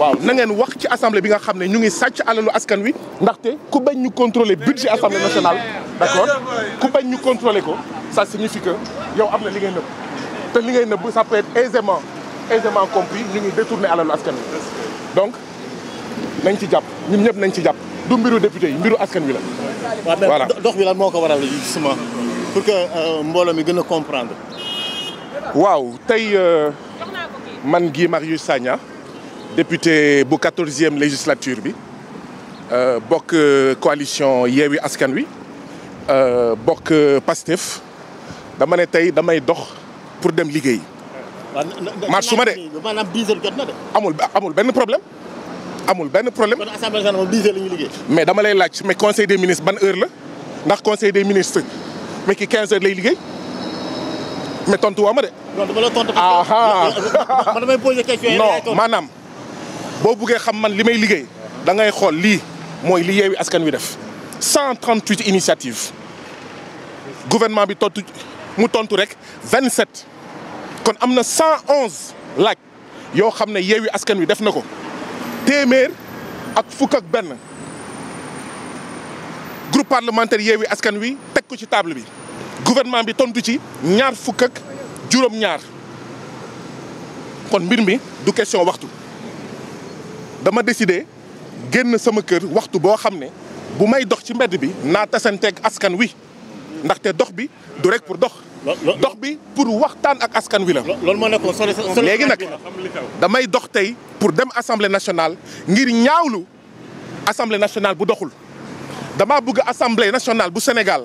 waaw na ngeen wax ci assemblée bi nga xam ne ñu ngi sàcc alalu askan wi. ndaxte ku bañ ñu contrôler budget assemblée nationale d'accord ku bañ ñu contrôler ko ça signifie que yow am na li ngay nëbb te li ngay nëbb ça peut être aisément aisément compris ñu ngi détourner alalu askan wi donc nañ ci jàpp ñu ñëpp nañ ci jàpp du mbiru député yi mbiru askan wi la. voilà dox bi lan moo ko waral justement pour que euh, mbooloo mi gën a comprendre. waaw tey euh, man Guy yu Sagna. député bu quatorzième législature bi euh, bokk coalition Yewwi Askan Wi euh, bokk Pastef dama ne tey damay dox pour dem liggéey. marche su ma de maanaam 10 heures amul benn problème amul benn problème. kon assemblée nationale la ñuy liggéey. mais dama lay laaj mais conseil des ministres ban heure la ndax conseil des ministres mais ki heures lay liggéey. mais tontu ma de. non dama maanaam. boo buggee xam man li may liggéey da ngay xool lii mooy li yeewi askan wi def 138 initiatives gouvernement bi tontu mu tontu rek 27 kon am na 111 laaj yoo xam ne yeewi askan wi def na ko téeméer ak fukk ak benn groupe parlementaire yeewi askan wi teg ko ci table bi gouvernement bi tontu ci ñaar fukk ak juróom-ñaar kon mbir mi du question waxtu. dama décidé génn sama kër waxtu boo xam ne bu may dox ci mbedd bi naa tasanteeg askan wi ndaxte dox bi du rek pour dox. dox bi pour waxtaan ak askan wi la. loolu moo nekkoon léegi nag damay dox tey pour dem assemblée nationale ngir ñaawlu assemblée nationale bu doxul damaa bëgg assemblée nationale bu Sénégal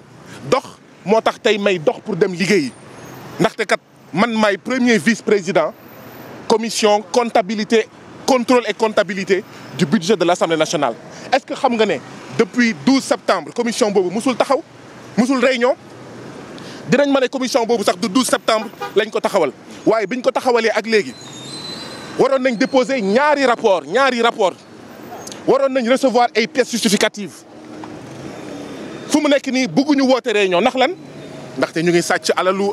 dox moo tax tey may dox pour dem liggéeyi ndaxte kat man may premier vice président commission comptabilité. contrôle et comptabilité du budget de l'Assemblée nationale est-ce que xam nga ne depuis 12 septembre commission boobu musul taxaw musul réunion dinañ ma ne commission boobu sax du septembre lañ ko taxawal waaye biñ ko taxawalee ak léegi waroon nañ déposer ñaari rapport ñaari rapport waroon nañ recevoir ay pièces justificatives fu mu nekk nii bëgguñu woote réunion ndax lan ndaxte ñu ngi sàcc alalu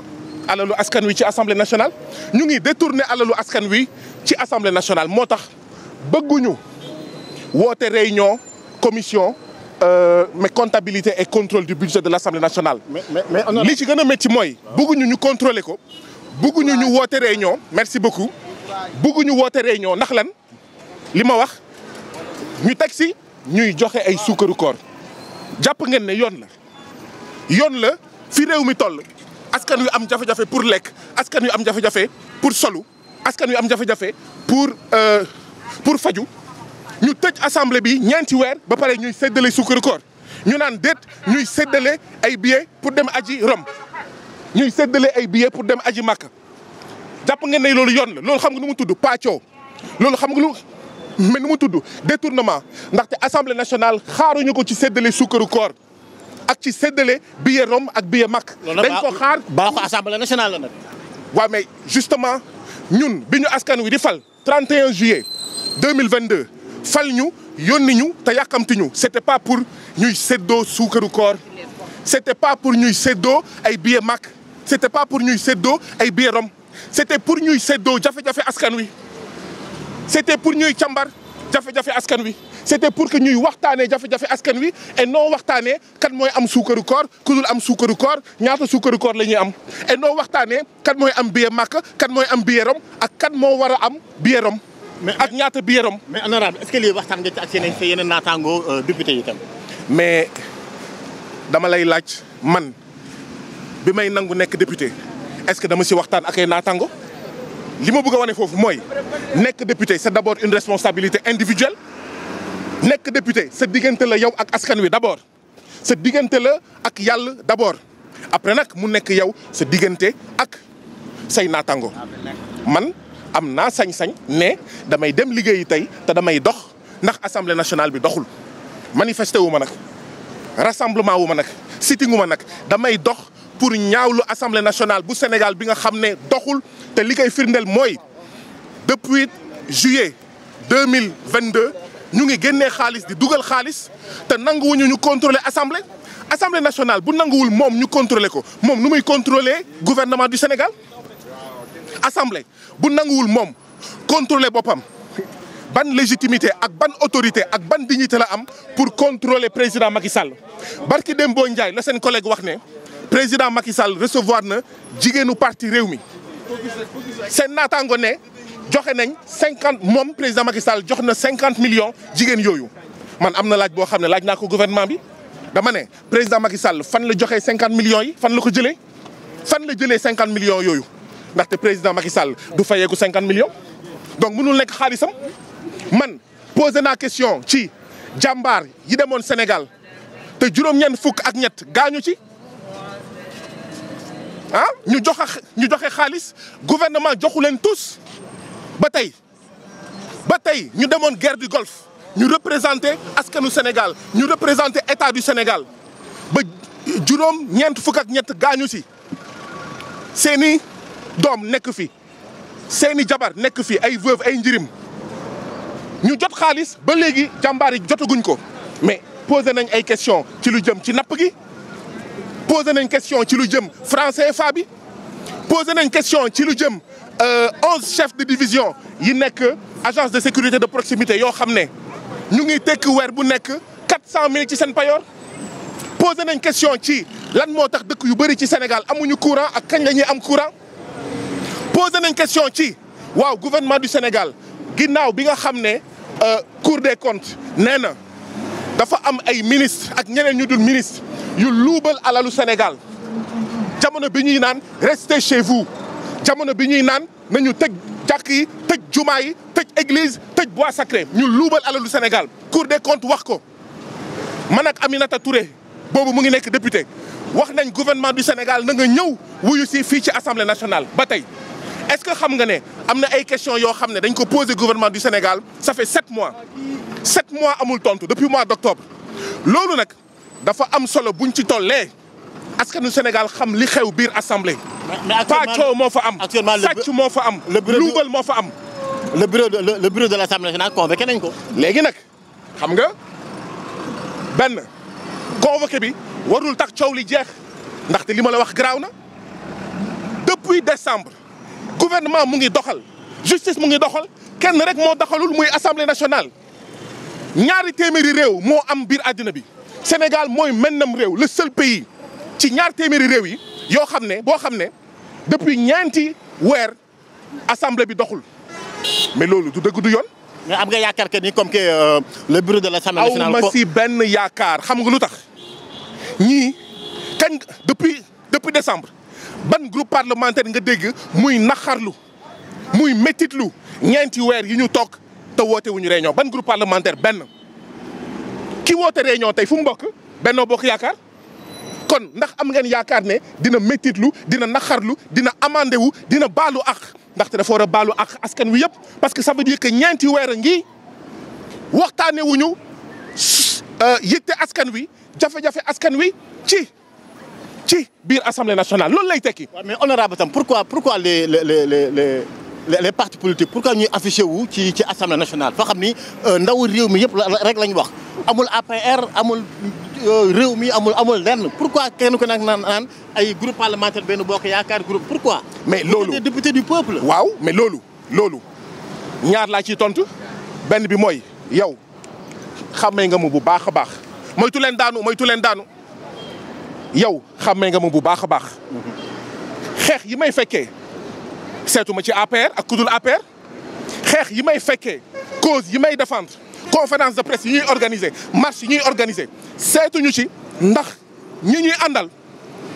alalu askan wi ci assemblée nationale ñu ngi détourner alalu askan wi ci assemblée nationale moo tax bëgguñu woote réunion commission euh, mais comptabilité et contrôle du budget de l'assemblée nationale. li ci gën a métti mooy. bëgguñu ñu contrôler ko. bëgguñu ñu woote réunion. merci beaucoup bëgguñu woote réunion ndax lan li ma wax ñu teg si ñuy joxe ay suukaru koor jàpp ngeen ne yoon la yoon la fi réew mi toll askan wi am jafe-jafe pour lekk askan wi am jafe-jafe pour solu. askan wi am jafe-jafe pour euh, pour faju ñu teg assemblée bi ñeenti weer ba pare ñuy séddale sukkaru koor ñu naan déet ñuy seddale ay billets pour dem aji Rome ñuy séddale ay billets pour dem aji Makka jàpp ngeen ne loolu yoon la loolu xam nga nu mu tudd pàccoo loolu xam nga lu mais nu mu tudd détournement ndaxte assemblée nationale xaaruñu ko ci séddale sukkaru koor ak ci séddale billet Rome ak billet Makka. dañ ko xaar baaxu assemblée nationale na nag. waaw justement ñun bi ñu askan wi di fal 31 juillet 2022 fal ñu yónni ñu te yàkkamti ñu c'était pas pour ñuy séddoo suukaru koor c'était pas pour ñuy séddoo ay billet Mac c'était pas pour ñuy séddoo ay billet Rome c'était pour ñuy séddoo jafe-jafe askan wi c'était pour ñuy cambar jafe-jafe askan wi c'était pour que ñuy waxtaanee jafe-jafe askan wi et non waxtaanee kan mooy am suukaru koor ku am suukaru koor ñaata suukaru koor la ñuy am et waxtaane waxtaanee mooy am billet Makka kan mooy am billet Rome ak kan moo war a am billet Rome ak ñaata billet Rome mais honorable est-ce waxtaan nga ci ak seen yeneen naataangoo euh, député yi tam mais dama lay laaj man bi may nangu nekk député est-ce que dama si waxtaan ak ay li ma bëgg a wane foofu mooy nekk député c'est d'abord une responsabilité individuelle nekk député sa diggante la yow ak askan wi d'abord sa diggante la ak yàlla d'abord après nag mu nekk yow sa diggante ak say naataango man am naa sañ-sañ ne damay dem liggéeyi tey te damay dox ndax assemblée nationale bi doxul manifesté wu ma nag rassemblement wu ma nag sitting ma nag damay dox pour ñaawlu assemblée nationale bu Sénégal bi nga xam ne doxul te li koy firndeel mooy depuis juillet deux mille vingt deux ñu ngi génnee xaalis di dugal xaalis te nanguwuñu ñu contrôler assemblée. assemblée nationale bu nanguwul moom ñu contrôler ko moom nu muy contrôler gouvernement du Sénégal assemblée bu nanguwul moom contrôler boppam. ban légitimité ak ban autorité ak ban dignité la am pour contrôler président Macky Sall dem Dembo Ndiaye la seen collègue wax ne président Macky Sall recevoir na jigéenu parti réew mi seen naataango ne joxe nañ cinquante moom président Macky Sall jox na cinquante millions jigéen yooyu man am na laaj boo xam ne laaj naa ko gouvernement bi dama ne président Macky Sall fan la joxe cinquante millions yi fan la ko jëlee fan la jëlee cinquante millions yooyu ndaxte président Macky Sall du fayeeku cinquante millions donc mënul nekk xaalisam man posé naa question ci jàmbaar yi demoon Sénégal te juróom-ñeent fukk ak ñett gaañu ci ah ñu joxe ñu joxe xaalis gouvernement joxu leen tous ba tey ba tey ñu demoon guerre du golfe ñu représenté askanu Sénégal ñu représenté état du Sénégal ba juróom ñeent fukk ak ñett gaañu si seeni doom nekk fi seeni jabar nekk fi ay veuve ay njirim ñu jot xaalis ba léegi jàmbaar yi jotaguñ ko mais posé nañ ay question ci lu jëm ci napp gi posé nañ question ci lu jëm franc CFA bi posé nañ question ci lu jëm euh, onze chefs de division yi nekk agence de sécurité de proximité yoo xam ne ñu ngi tekk weer bu nekk quatre cent mille ci seen payoor posé nañ question ci lan moo tax dëkk yu bëri ci Sénégal amuñu courant ak kañ lañuy am courant posé nañ question ci waaw gouvernement du Sénégal ginnaaw bi nga xam ne euh, Cour des comptes nee na dafa am ay ministre ak ñeneen ñu dul ministre yu luubal alalu Sénégal jamono bi ñuy naan restez chez vous jamono bi ñuy naan nañu tëj jàkk yi tëj jumaa yi tëj église tëj bois sacré ñu luubal alalu Sénégal. Cour des comptes wax ko man ak Aminata Touré boobu mu ngi nekk député wax nañ gouvernement du Sénégal na nga ñëw wuyu si fii ci assemblée nationale ba tey. est-ce que xam nga ne am na ay questions yoo xam ne dañ ko posé gouvernement du Sénégal ça fait sept mois sept mois amul tontu depuis mois d'octobre loolu nag. dafa am solo buñ ci tollee askanu Sénégal xam li xew biir assemblée. mais actuellement pàccoo moo fa am. actuellement sàcc moo fa am. luubal moo fa am. le bureau de le bureau de l'assemblée nationale convoqué nañ ko. léegi nag xam nga benn convoqué bi warul tax coow li jeex ndaxte li ma la wax garaaw na depuis décembre gouvernement mu ngi doxal justice mu ngi doxal kenn rek moo doxalul muy assemblée nationale ñaari téeméeri réew moo am biir àddina bi. Sénégal mooy mennam réew le seul pays ci ñaar téeméeri réew yi yoo xam ne boo xam ne depuis ñeenti weer assemblée bi doxul mais loolu du dëgg du yoon. mais yaakaar que ni comme euh, le bureau de l'Assemblée nationale. aw ma si benn yaakaar xam nga lu tax ñi kañ depuis depuis décembre ban groupe parlementaire nga dégg muy naxarlu muy métitlu ñeenti weer yi ñu toog te woote wu ñu réunion ban groupe parlementaire benn. ki woote ñoo tey fu mu bokk Benno Bokk Yaakaar kon ndax am ngeen yaakaar ne dina méttitlu dina naxarlu dina amandé wu dina baalu ak ndaxte dafa war a baalu ak askan wi yëpp parce que ça veut dire que ñeenti weer a ngi waxtaanee wuñu euh, yitte askan wi jafe-jafe askan wi ci ci biir assemblée nationale loolu lay tekki. mais honorable tam pourquoi pourquoi les les les les partis politiques pourquoi ñuy affiché wu ci ci assemblée nationale foo xam ni euh, ndaw réew mi yëpp rek lañ wax amul APR amul euh, réew mi amul amul lenn pourquoi kenn ku nekk naan naan ay groupe parlementaire benn bokk yaakaar groupe pourquoi. mais loolu député du peuple. waaw mais loolu loolu ñaar laa ci tontu benn bi mooy yow xamee nga mu bu baax a baax moytu leen daanu moytu leen daanu yow xamee nga mu bu baax a baax mm-hmm. xeex yi may fekkee. seetuma ci APR ak kudul APR xeex yi may fekkee cause yi may défendre conférence de presse yi ñuy organiser marche yi ñuy organiser seetuñu ci ndax ñi ñuy àndal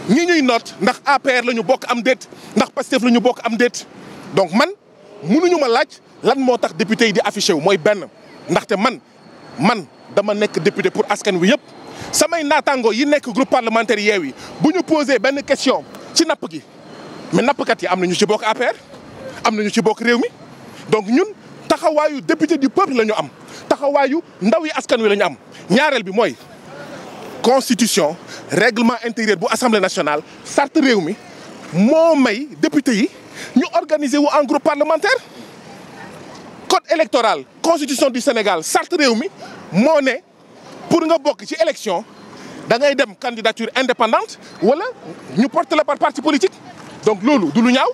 ñi ñuy noot ndax APR la ñu bokk am déet ndax Pastef la ñu bokk am déet donc man mënuñu ma laaj lan moo tax député yi di affiché wu mooy benn ndaxte man man dama nekk député pour askan wi yëpp samay naataango yi nekk groupe parlementaire yeew yi bu ñu posé benn question ci napp gi mais nappkat yi am na ñu ci bokk APR am na ñu ci bokk réew mi donc ñun taxawaayu député du peuple la ñu am taxawaayu ndaw yi askan wi lañu am ñaareel bi mooy constitution règlement intérieur bu assemblée nationale charte réew mi moo may député yi ñu organiser wu en groupe parlementaire code électoral constitution du Sénégal charte réew mi moo ne pour nga bokk ci élection da ngay dem candidature indépendante wala ñu porte la par parti politique donc loolu du lu ñaaw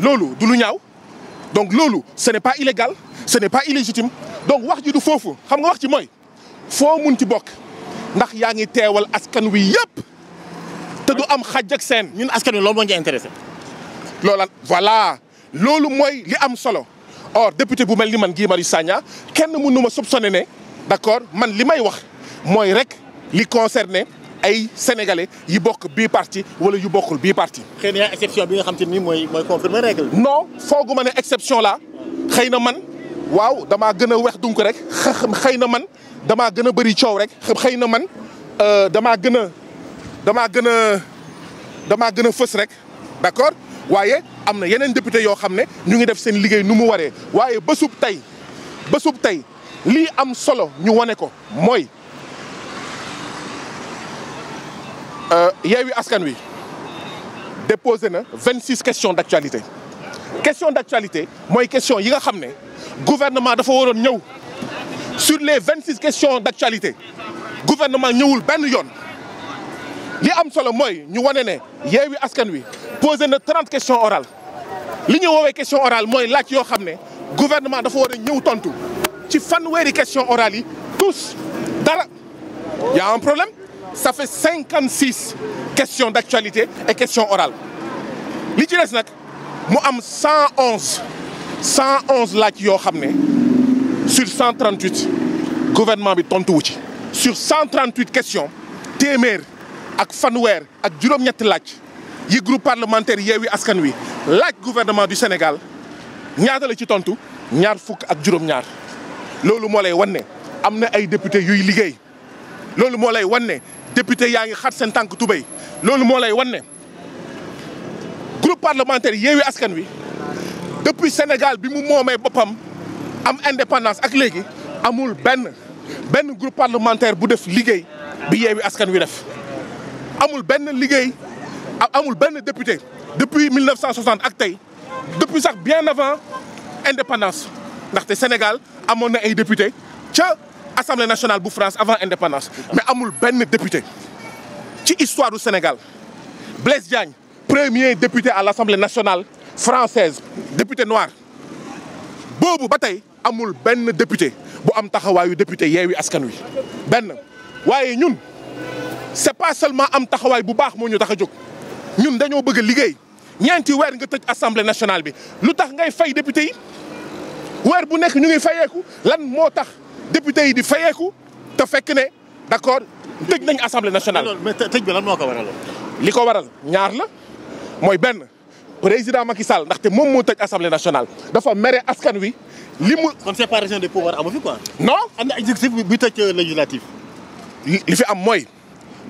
loolu du lu ñaaw donc loolu ce n'est pas illégal ce n'est pas illégitime donc wax ji du foofu xam nga wax ci mooy foo mun ci bokk ndax yaa ngi teewal askan wi yëpp te du am xaj ak seen. ñun askan wi loolu moo intéressé. loola voilà loolu mooy li am solo or député bu mel ni man Guy Marius Sagna kenn mënu ma soupçonné ne d'accord man li may wax mooy rek li concerné. ay sénégalais yi bokk bii parti wala yu bokkul bii parti. xëy na exception bi nga xam te ni mooy mooy confirmer no non foogu ma ne exception la xëy na man waaw damaa gën a wex dunk rek xëy na man damaa gën a bëri coow rek xëy na man euh, damaa gën a damaa gën a damaa gën a fës rek d'accord waaye am na yeneen député yoo xam ne ñu ngi def seen liggéey nu mu waree waaye bésub tey bésub tey li am solo ñu wane ko mooy. Euh, Yewwi Askan Wi déposé na vingt six questions d' actualité question d' actualité mooy question yi nga xam ne gouvernement dafa waroon ñëw sur les vingt six questions d' actualité gouvernement ñëwul benn yoon li am solo mooy ñu wane ne Yewwi Askan Wi posé na trente questions orales li ñu woowee question orale mooy laaj yoo xam ne gouvernement dafa war a ñëw tontu ci weeri question orales yi tous dara y a problème ça fait cinquante six questions d' actualité et orale li ci des nag mu am cent onze cent onze laaj yoo xam ne sur cent gouvernement bi tontuwu ci. sur cent trente huit questions téeméer ak fanweer ak juróom-ñetti laaj yi groupe parlementaire Yewwi Askan Wi laaj gouvernement du Sénégal ñaata la ci tontu ñaar fukk ak juróom-ñaar loolu moo lay wan am na ay député yuy liggéey loolu moo lay wan député yaa ngi xat seen tànk tubéy loolu moo lay wan ne groupe parlementaire Yewwi Askan Wi depuis Sénégal bi mu moomee boppam am indépendance ak léegi amul benn benn groupe parlementaire bu def liggéey bi Yewwi Askan Wi def amul benn liggéey amul benn député depuis 1960 ak tey depuis sax bien avant indépendance ndaxte Sénégal amoon na ay député ca assemblée nationale bu France avant indépendance mais amul benn député ci histoire du Sénégal Blaise Diagne premier député à l'assemblée nationale francaise député noir boobu ba tey amul benn député bu am taxawaayu député Yewwi Askan Wi benn waaye ñun c'est pas seulement am taxawaay bu baax moo ñu tax a jóg ñun dañoo bëgg a liggéey ñeenti weer nga tëj assemblée nationale bi lu tax ngay fay député yi weer bu nekk ñu ngi fayeeku lan moo tax député yi di fayeeku te fekk ne d'accord tëj nañ assemblée nationale. mais tëj bi lan moo ko waral. li ko waral ñaar la mooy benn président Macky Sall ndaxte moom moo tëj assemblée nationale dafa mere askan wi li mu. kon séparation des pouvoirs amu fi quoi. non am na exécutif buy tëj euh, législatif. li fi am mooy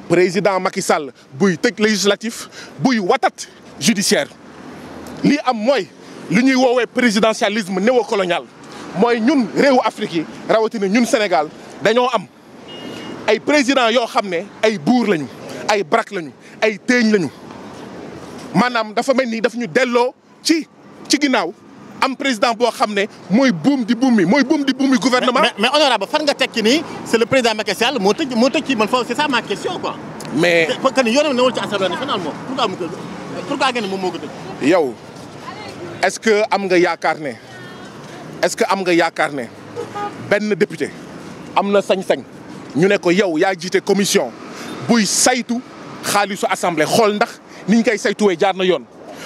président Macky Sall buy tëj législatif buy watat judiciaire li am mooy lu ñuy woowee présidentialisme néocolonial. mooy ñun réew Afrique yi rawatina ñun Sénégal dañoo am ay président yoo xam ne ay buur lañu ay barak lañu ay téeñ lañu maanaam dafa mel nii dafa ñu delloo ci ci ginnaaw am président boo xam ne mooy buum di buum mi mooy buum di buum mi mais mais honorable fan nga tekki nii c'est le président Macky Sall moo tëj moo tëj ci man foofu c'est ça ma question quoi. mais que ni yoonam newul ci assemblée nationale moom pourquoi mu ko pourquoi ngeen moom moo ko tëj. yow est-ce que am nga yaakaar ne. est-ce que am nga yaakaar ne benn député am na sañ-sañ ñu ne ko yow yaa jiite commission buy saytu xaalisu assemblée xool ndax niñ koy saytuwee jaar na yoon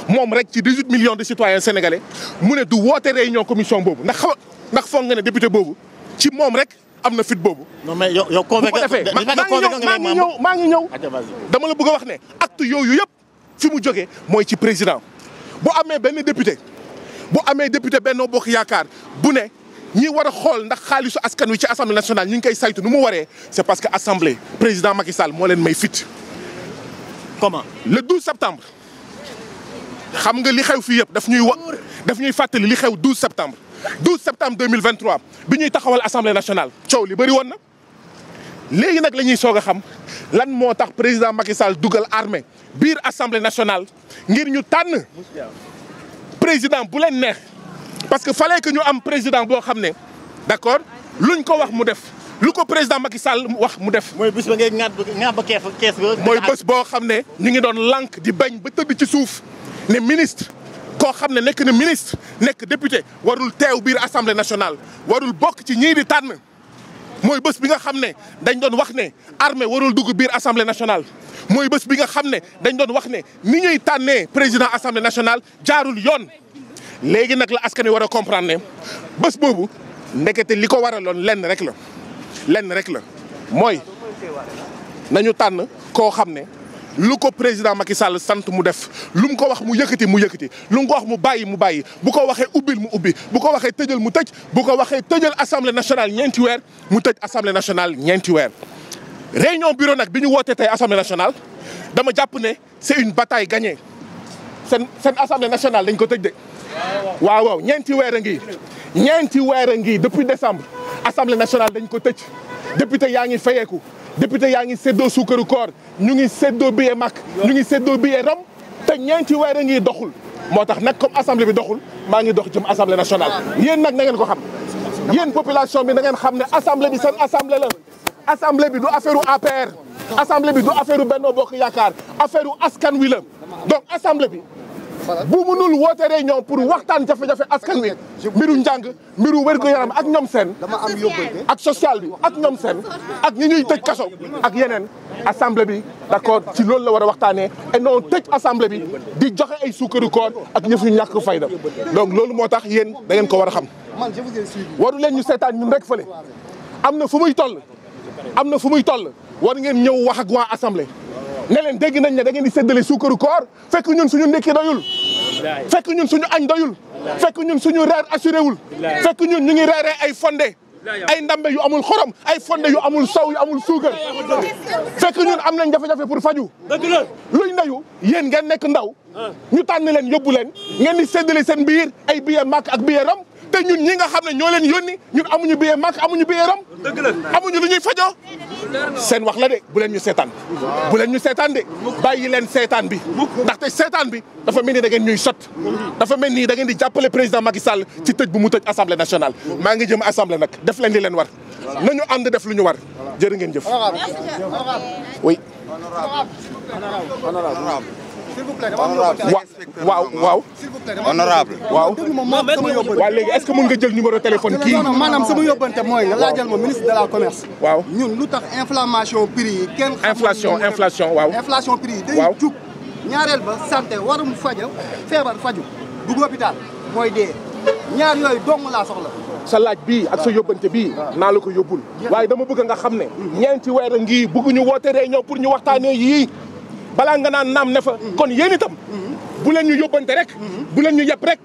moom rek ci 18 millions de citoyens sénégalais mu ne du woote réunion commission boobu ndax ndax foog nga ne député boobu ci moom rek am na fit boobu. non mais yow yow convaincre maa ngi ñëw maa ngi ñëw dama la bëgg wax ne acte yooyu yëpp fi mu jóge mooy ci président bu amee benn député. bu amee député Benno Bokk Yaakaar bu ne ñi war a xool ndax xaalisu askan wi ci assemblée nationale ñu ngi koy saytu nu mu waree c'est parce que assemblée président Macky moo leen may fit. comment le 12 septembre xam nga li xew fii yëpp daf ñuy wa daf ñuy fàttali li xew 12 septembre. 12 septembre 2023 bi ñuy taxawal assemblée nationale coow li bari woon na léegi nag lañuy ñuy soog a xam lan moo tax président Macky Sall dugal armée biir assemblée nationale ngir ñu tànn. président bu leen neex parce que fallait que ñu am président boo xam ne d'accord luñ ko wax mu def lu ko président Macky Sall wax mu def. mooy bés ba ngay ñaat ba kees kees mooy bés boo xam ne ñu ngi doon lank di bañ ba tëdd ci suuf ne ministre. koo xam ne nekk na ministre nekk député warul teew biir assemblée nationale warul bokk ci ñii di tànn mooy bés bi nga xam ne dañ doon wax ne armée warul dugg biir assemblée nationale. mooy bés bi nga xam ne dañ doon wax ne ni ñuy tànnee président assemblée nationale jaarul yoon léegi nag la askan wi war a comprendre ne bés boobu ndekete li ko waraloon lenn rek la lenn rek la mooy nañu tànn koo xam ne lu ko président Macky Sall sant mu def lu mu ko wax mu yëkkati mu yëkkati lu mu ko wax mu bàyyi mu bàyyi bu ko waxee ubbil mu ubbi bu ko waxee tëjal mu tëj bu ko waxee tëjal assemblée nationale ñeenti weer mu tëj assemblée nationale ñeenti weer. réunion bureau nag bi ñu wootee tey assemblée nationale dama jàpp ne c'est une bataille gagnée seen seen assemblée nationale dañ ko tëj de. waaw waaw ñeenti weer a ngi ñeenti weer a ngi depuis décembre assemblée nationale dañ ko tëj député yaa ngi fayeeku député yaa ngi séddoo suukaru koor ñu ngi séddoo billet mag ñu ngi séddoo billet ram te ñeenti weer a ngi doxul moo tax nag comme assemblée bi doxul maa ngi dox jëm assemblée nationale. yéen nag na ngeen ko xam yéen population bi na ngeen xam ne assemblée bi seen assemblée la. assemblée bi du affaire APR assemblée bi du affaire Benno Bokk Yaakaar affaire askan wi la donc assemblée bi bu mënul woote réunion pour waxtaan jafe-jafe askan wi mbiru njàng mbiru wér-gu-yaram ak ñoom seen ak social bi ak ñoom seen ak ñi ñuy tëj kaso ak yeneen assemblée bi d'accord si loolu la war a waxtaanee et non tëj assemblée bi di joxe ay suukaru koor ak ñu ñàkk fayda donc loolu moo tax yéen da ngeen ko war a xam waru leen ñu seetaan ñun rek fële am na fu muy toll am na fu muy toll war ngeen ñëw wax ak waa assemblée ne leen dégg nañ ne da ngeen di séddale suukaru koor fekk ñun suñu ndekki doyul fekk ñun suñu añ doyul fekk ñun ñu reer assuré wul fekk ñun ñu ngi reeree ay fonde ay ndambe yu amul xorom ay fonde yu amul sow yu amul suukar fekk ñun am nañ jafe-jafe pour faju luy ndeyu yéen ngeen nekk ndaw ah. ñu tànn leen yóbbu leen ngeen di séddale seen biir ay billet màkk ak billet rom te ñun ñi nga xam ne ñoo leen yónni ñun amuñu billet Makka amuñu billet Rome amuñu lu ñuy fajoo seen wax la de bu leen ñu seetaan bu leen ñu seetaan de bàyyi leen seetaan bi ndaxte seetaan bi dafa mel ni da ngeen ñuy sot dafa mel ni da ngeen di jàppale président Macky Sall ci tëj bu mu tëj assemblée nationale maa ngi jëm assemblée nag def leen li leen war ñu ànd def lu ñu war jërë ngeen jëf oui waaw waaw. honorable waaw. waaw léegi est-ce que mën nga jël numéro téléphone kii. non non maanaam sama yóbbante mooy nga laajal ma ministre de la commerce. waaw ñun lu tax inflammation prix yi kenn. inflation inflation waaw. inflation prix yi day jug. ñaareel ba santé warum faja feebar faju dugg hôpital mooy dee ñaar yooyu dong laa soxla. sa laaj bi ak sa yóbbante bi naa la ko yóbbul waaye dama bëgg nga xam ne ñeenti weer a ngi bëgguñu woote réunion pour ñu waxtaanee yii balaa nga naan naam ne kon yéen itam bu leen ñu yóbbante rek bu leen ñu yeb rek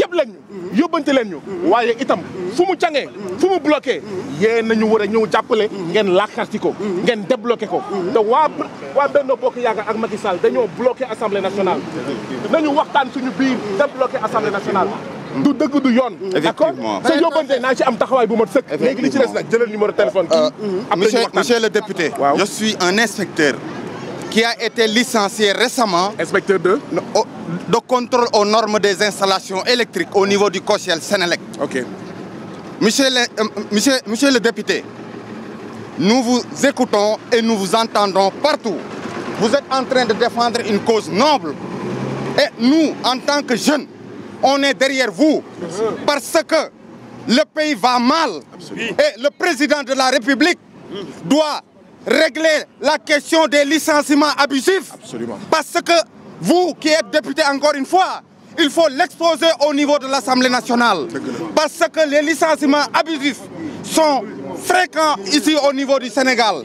yeb leen ñu yóbbante leen ñu waaye itam fu mu cangee fu mu bloqué na ñu war a ñëw jàppale ngeen laakarti ko ngeen débloqué ko te waa waa Benno Bokk Yaakaar ak Macky Sall dañoo bloqué assemblée nationale ñu waxtaan suñu biir débloqué assemblée nationale du dëgg du yoon. effectivement d'accord sa yóbbante naa ci am taxawaay bu mat sëkk. léegi li ci des nag jëlal numéro téléphone. Euh, am monsieur monsieur le député. waaw je suis un inspecteur. qui a été licencié récemment. Inspecteur de de contrôle aux normes des installations électriques au niveau du COJEL Senelec. OK. Monsieur le euh, monsieur monsieur le député, nous vous écoutons et nous vous entendons partout. Vous êtes en train de défendre une cause noble. Et nous, en tant que jeunes, on est derrière vous parce que le pays va mal. Et le président de la République doit régler la question des licenciements abusifs. Parce que vous qui êtes député encore une fois, il faut l'exposer au niveau de l'Assemblée nationale. Parce que les licenciements abusifs sont fréquents ici au niveau du Sénégal.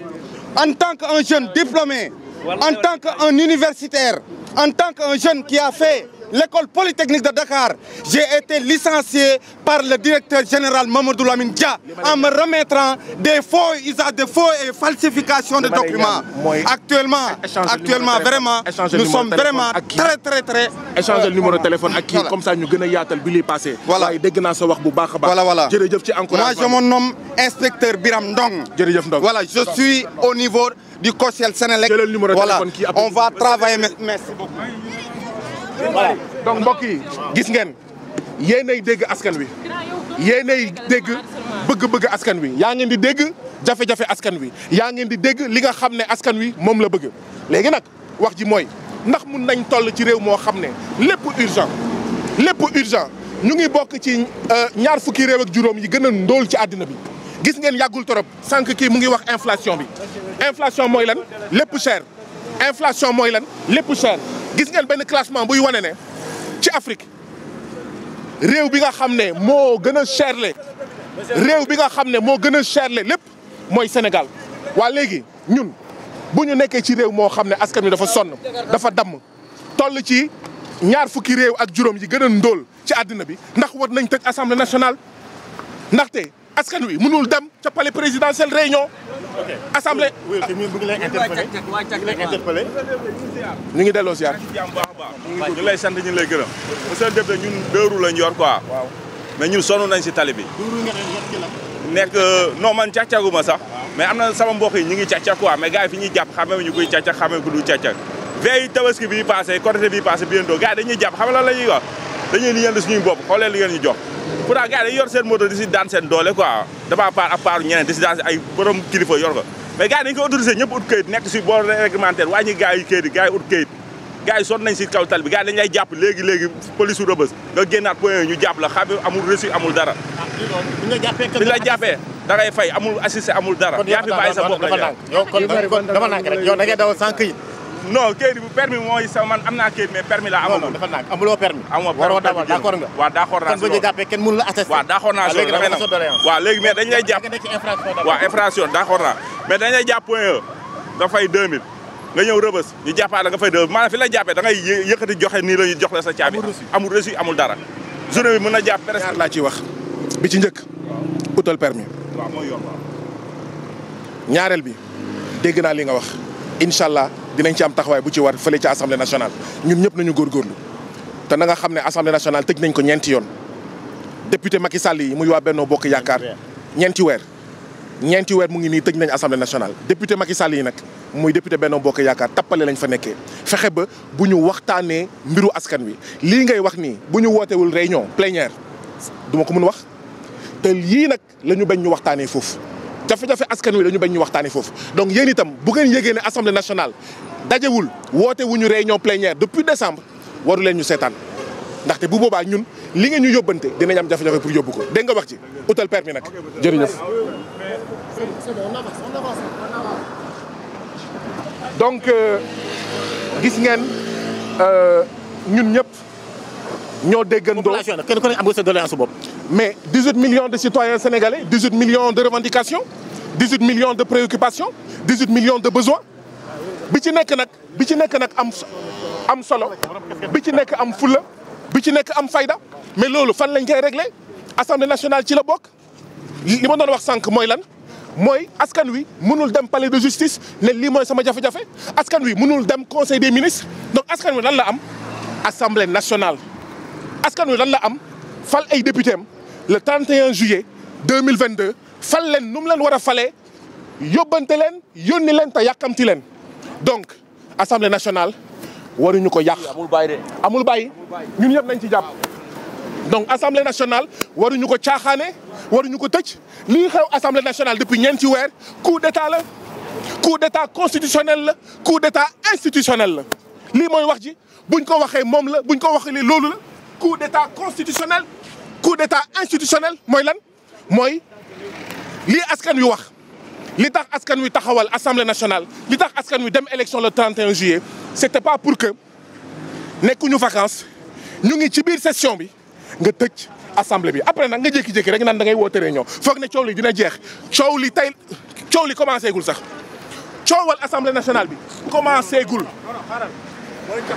En tant qu'un jeune diplômé, en tant qu'un universitaire, en tant qu'un jeune qui a fait l'école polytechnique de Dakar. J'ai été licencié par le directeur général Mamadou Lamine Dia en me remettant des faux usage de faux et falsification de documents. Actuellement, actuellement vraiment nous sommes vraiment très très très échanger numéro de téléphone ak kii comme gën a yaatal bi li passé. voilà dégg naa sa wax bu baax a baax. voilà voilà jërëjëf ci encouragement. moi je me nomme inspecteur Biram Ndong. jërëjëf Ndong voilà je au niveau du COJEL Senelec. voilà on va travailler merci beaucoup. donc mbokk yi gis ngeen yéenay dégg askan wi yéenay dégg bëgg-bëgg askan wi yaa ngeen di dégg jafe-jafe askan wi yaa ngeen di dégg li nga xam ne askan wi moom la bëgg léegi nag wax ji mooy ndax mun nañ toll ci réew moo xam ne lépp urgent lépp urgent ñu ngi bokk ci euh, ñaar fukki réew ak juróom yi gën a ndóol ci àddina bi gis ngeen yàggul torop sànq kii mu ngi wax inflation bi inflation mooy lan lépp cher inflation mooy lan lépp cher gis ngeen benn classement buy wane ne ci Afrique réew bi nga xam ne moo gën a cher le réew bi nga xam ne moo gën a cher le lépp mooy Sénégal waa léegi ñun bu ñu nekkee ci réew moo xam ne askan wi dafa sonn dafa damm toll ci ñaar fukki réew ak juróom yi gën ndóol ci àddina bi ndax war nañ tëj assemblée nationale ndaxte askan wi mënul dem ca palais présidentiel réunion assemblée. ñu ngi lay interpellé ñu ngi delloo siyaar. ñu lay sant ñu lay gërëm. monsieur le député ñun deux roues lañ yor quoi. mais ñun sonn nañ si tali bi. nekk non man càccaguma sax. mais am na sama mbokk yi ñu ngi càccag quoi mais gars yi fi ñuy jàpp xamee ñu koy càccag xamee ku du càccag. veille tabaski bii passé Korité bii passé bientôt gars yi dañuy jàpp xam la la ñuy wax dañuy liggéeyal suñuy bopp xoolee ñu jox pourtant gars yi dañuy yor seen moto di si daan seen doole quoi dafa part à part ñeneen di si daan ay borom kilifa yor ko mais gars yi dañu ko autorisé ñëpp ut këyit nekk si bord réglementaire wàññi gars yi këyit yi gars yi ut këyit gars yi sonn nañ si kaw tali bi gars yi dañu lay jàpp rëbës nga génnaat point ñu jàpp la xam amul reçu amul dara ah, bi la da ngay fay amul sa bopp la non kayit bu permis mooy sa man am naa kayit mais permis la amagul. dafa amuloo permis. amoo waroo dawal d'accord nga. waaw d'accord naa si loolu kon bu ñu jàppee kenn mënu ah, léegi mais dañ lay jàpp. waaw infraction d'accord naa mais dañ lay jàpp point E fay 2000 nga ñëw rëbës ñu jàppaat la nga fay 2000 maanaam fi la jàppee da ngay yëkkati joxe nii la ñu jox la sa caabi. amul reçu amul dara. journée bi mën na jàpp presque. laa ciy wax bi ci njëkk. utal permis. waaw mooy yoon ñaareel bi dégg naa li nga wax incha dinañ ci am taxawaay bu ci war fële ci assemblée nationale ñun ñëpp nañu góorgóorlu te na nga xam ne assemblée nationale tëj nañ ko ñeenti yoon député Macky Sall yi muy waa Benno Bokk Yaakaar ñeenti weer ñeenti weer mu ngi nii tëj nañ assemblée nationale député Macky Sall yi nag muy député Benno Bokk Yaakaar tappale lañ fa nekkee fexe ba bu ñu waxtaanee mbiru askan wi lii ngay wax nii bu ñu wootewul réunion plénière duma ko mun wax te yii nag la ñu bañ ñu waxtaanee foofu jafe-jafe askan wi la bañ ñu waxtaanee foofu donc yéen itam bu ngeen yégee ne assemblée dajewul woote wu ñu réunion plénière depuis décembre waru leen ñu seetaan ndaxte bu boobaa ñun li nga ñu yóbbante dinañ am jafe-jafe pour yóbbu ko dégg nga wax ci utal permis nag jërëjëf. donc euh, gis ngeen euh, ñun ñëpp ñoo déggandoo. population nag kenn ku ne am nga sa doléance bopp. mais 18 millions de citoyens sénégalais 18 millions de revendications 18 millions de préoccupations 18 millions de besoins. bi ci nekk nag bi ci nekk nag am am solo bi ci nekk am fulla bi ci nekk am fayda mais loolu fan lañ koy réglé assemblée nationale ci la bokk li ma doon wax sànq mooy lan mooy askan wi mënul dem palais de justice ne lii mooy sama jafe-jafe askan wi mënul dem conseil des ministres donc askan wi lan la am assemblée nationale askan wi lan la am fal ay député am le 31 juillet 2022 fal leen nu mu leen war a falee yóbbante leen yónni leen te yàkkamti leen donc assemblée nationale waruñu ko yàq. amul bàyyi amul bàyyi ñun ñëpp nañ ci jàpp. donc assemblée nationale waruñu ko caaxaane waruñu ko tëj li xew assemblée nationale depuis ñeenti weer coup d'état la coup d'état constitutionnel la coup d'état institutionnel la. lii mooy wax ji buñ ko waxee moom la buñ ko waxee loolu la coup d'état constitutionnel coup d'état institutionnel mooy lan mooy lii askan wi wax. li tax askan wi taxawal assemblée nationale li tax askan wi dem élection le 31 juillet c'était pas pour que nekkuñu vacances ñu ngi ci biir session bi nga tëj assemblée bi après nag nga jékki-jékki rek naan da ngay woote réunion foog ne coow li dina jeex coow li tey coow li commencé gul sax coowal assemblée nationale bi commencé gul. commencé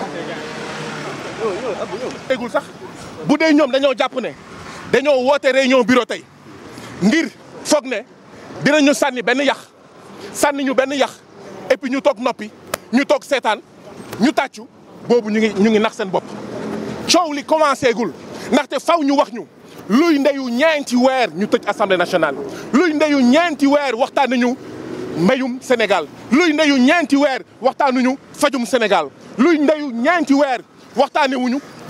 gul sax bu dee ñoom dañoo jàpp ne dañoo woote réunion bureau tey ngir foog ne. dinañu sànni benn yax sànni benn yax et ñu toog noppi ñu toog seetaan ñu tàccu boobu ñu ngi ñu ngi nax seen bopp. coow li commencé gul ndaxte faw ñu wax ñu luy ndeyu ñeenti weer ñu tëj assemblée nationale luy ndeyu ñeenti weer waxtaanee ñu mbéyum Sénégal luy ndeyu ñeenti weer waxtaanuñu fajum Sénégal luy ndeyu ñeenti weer waxtaanee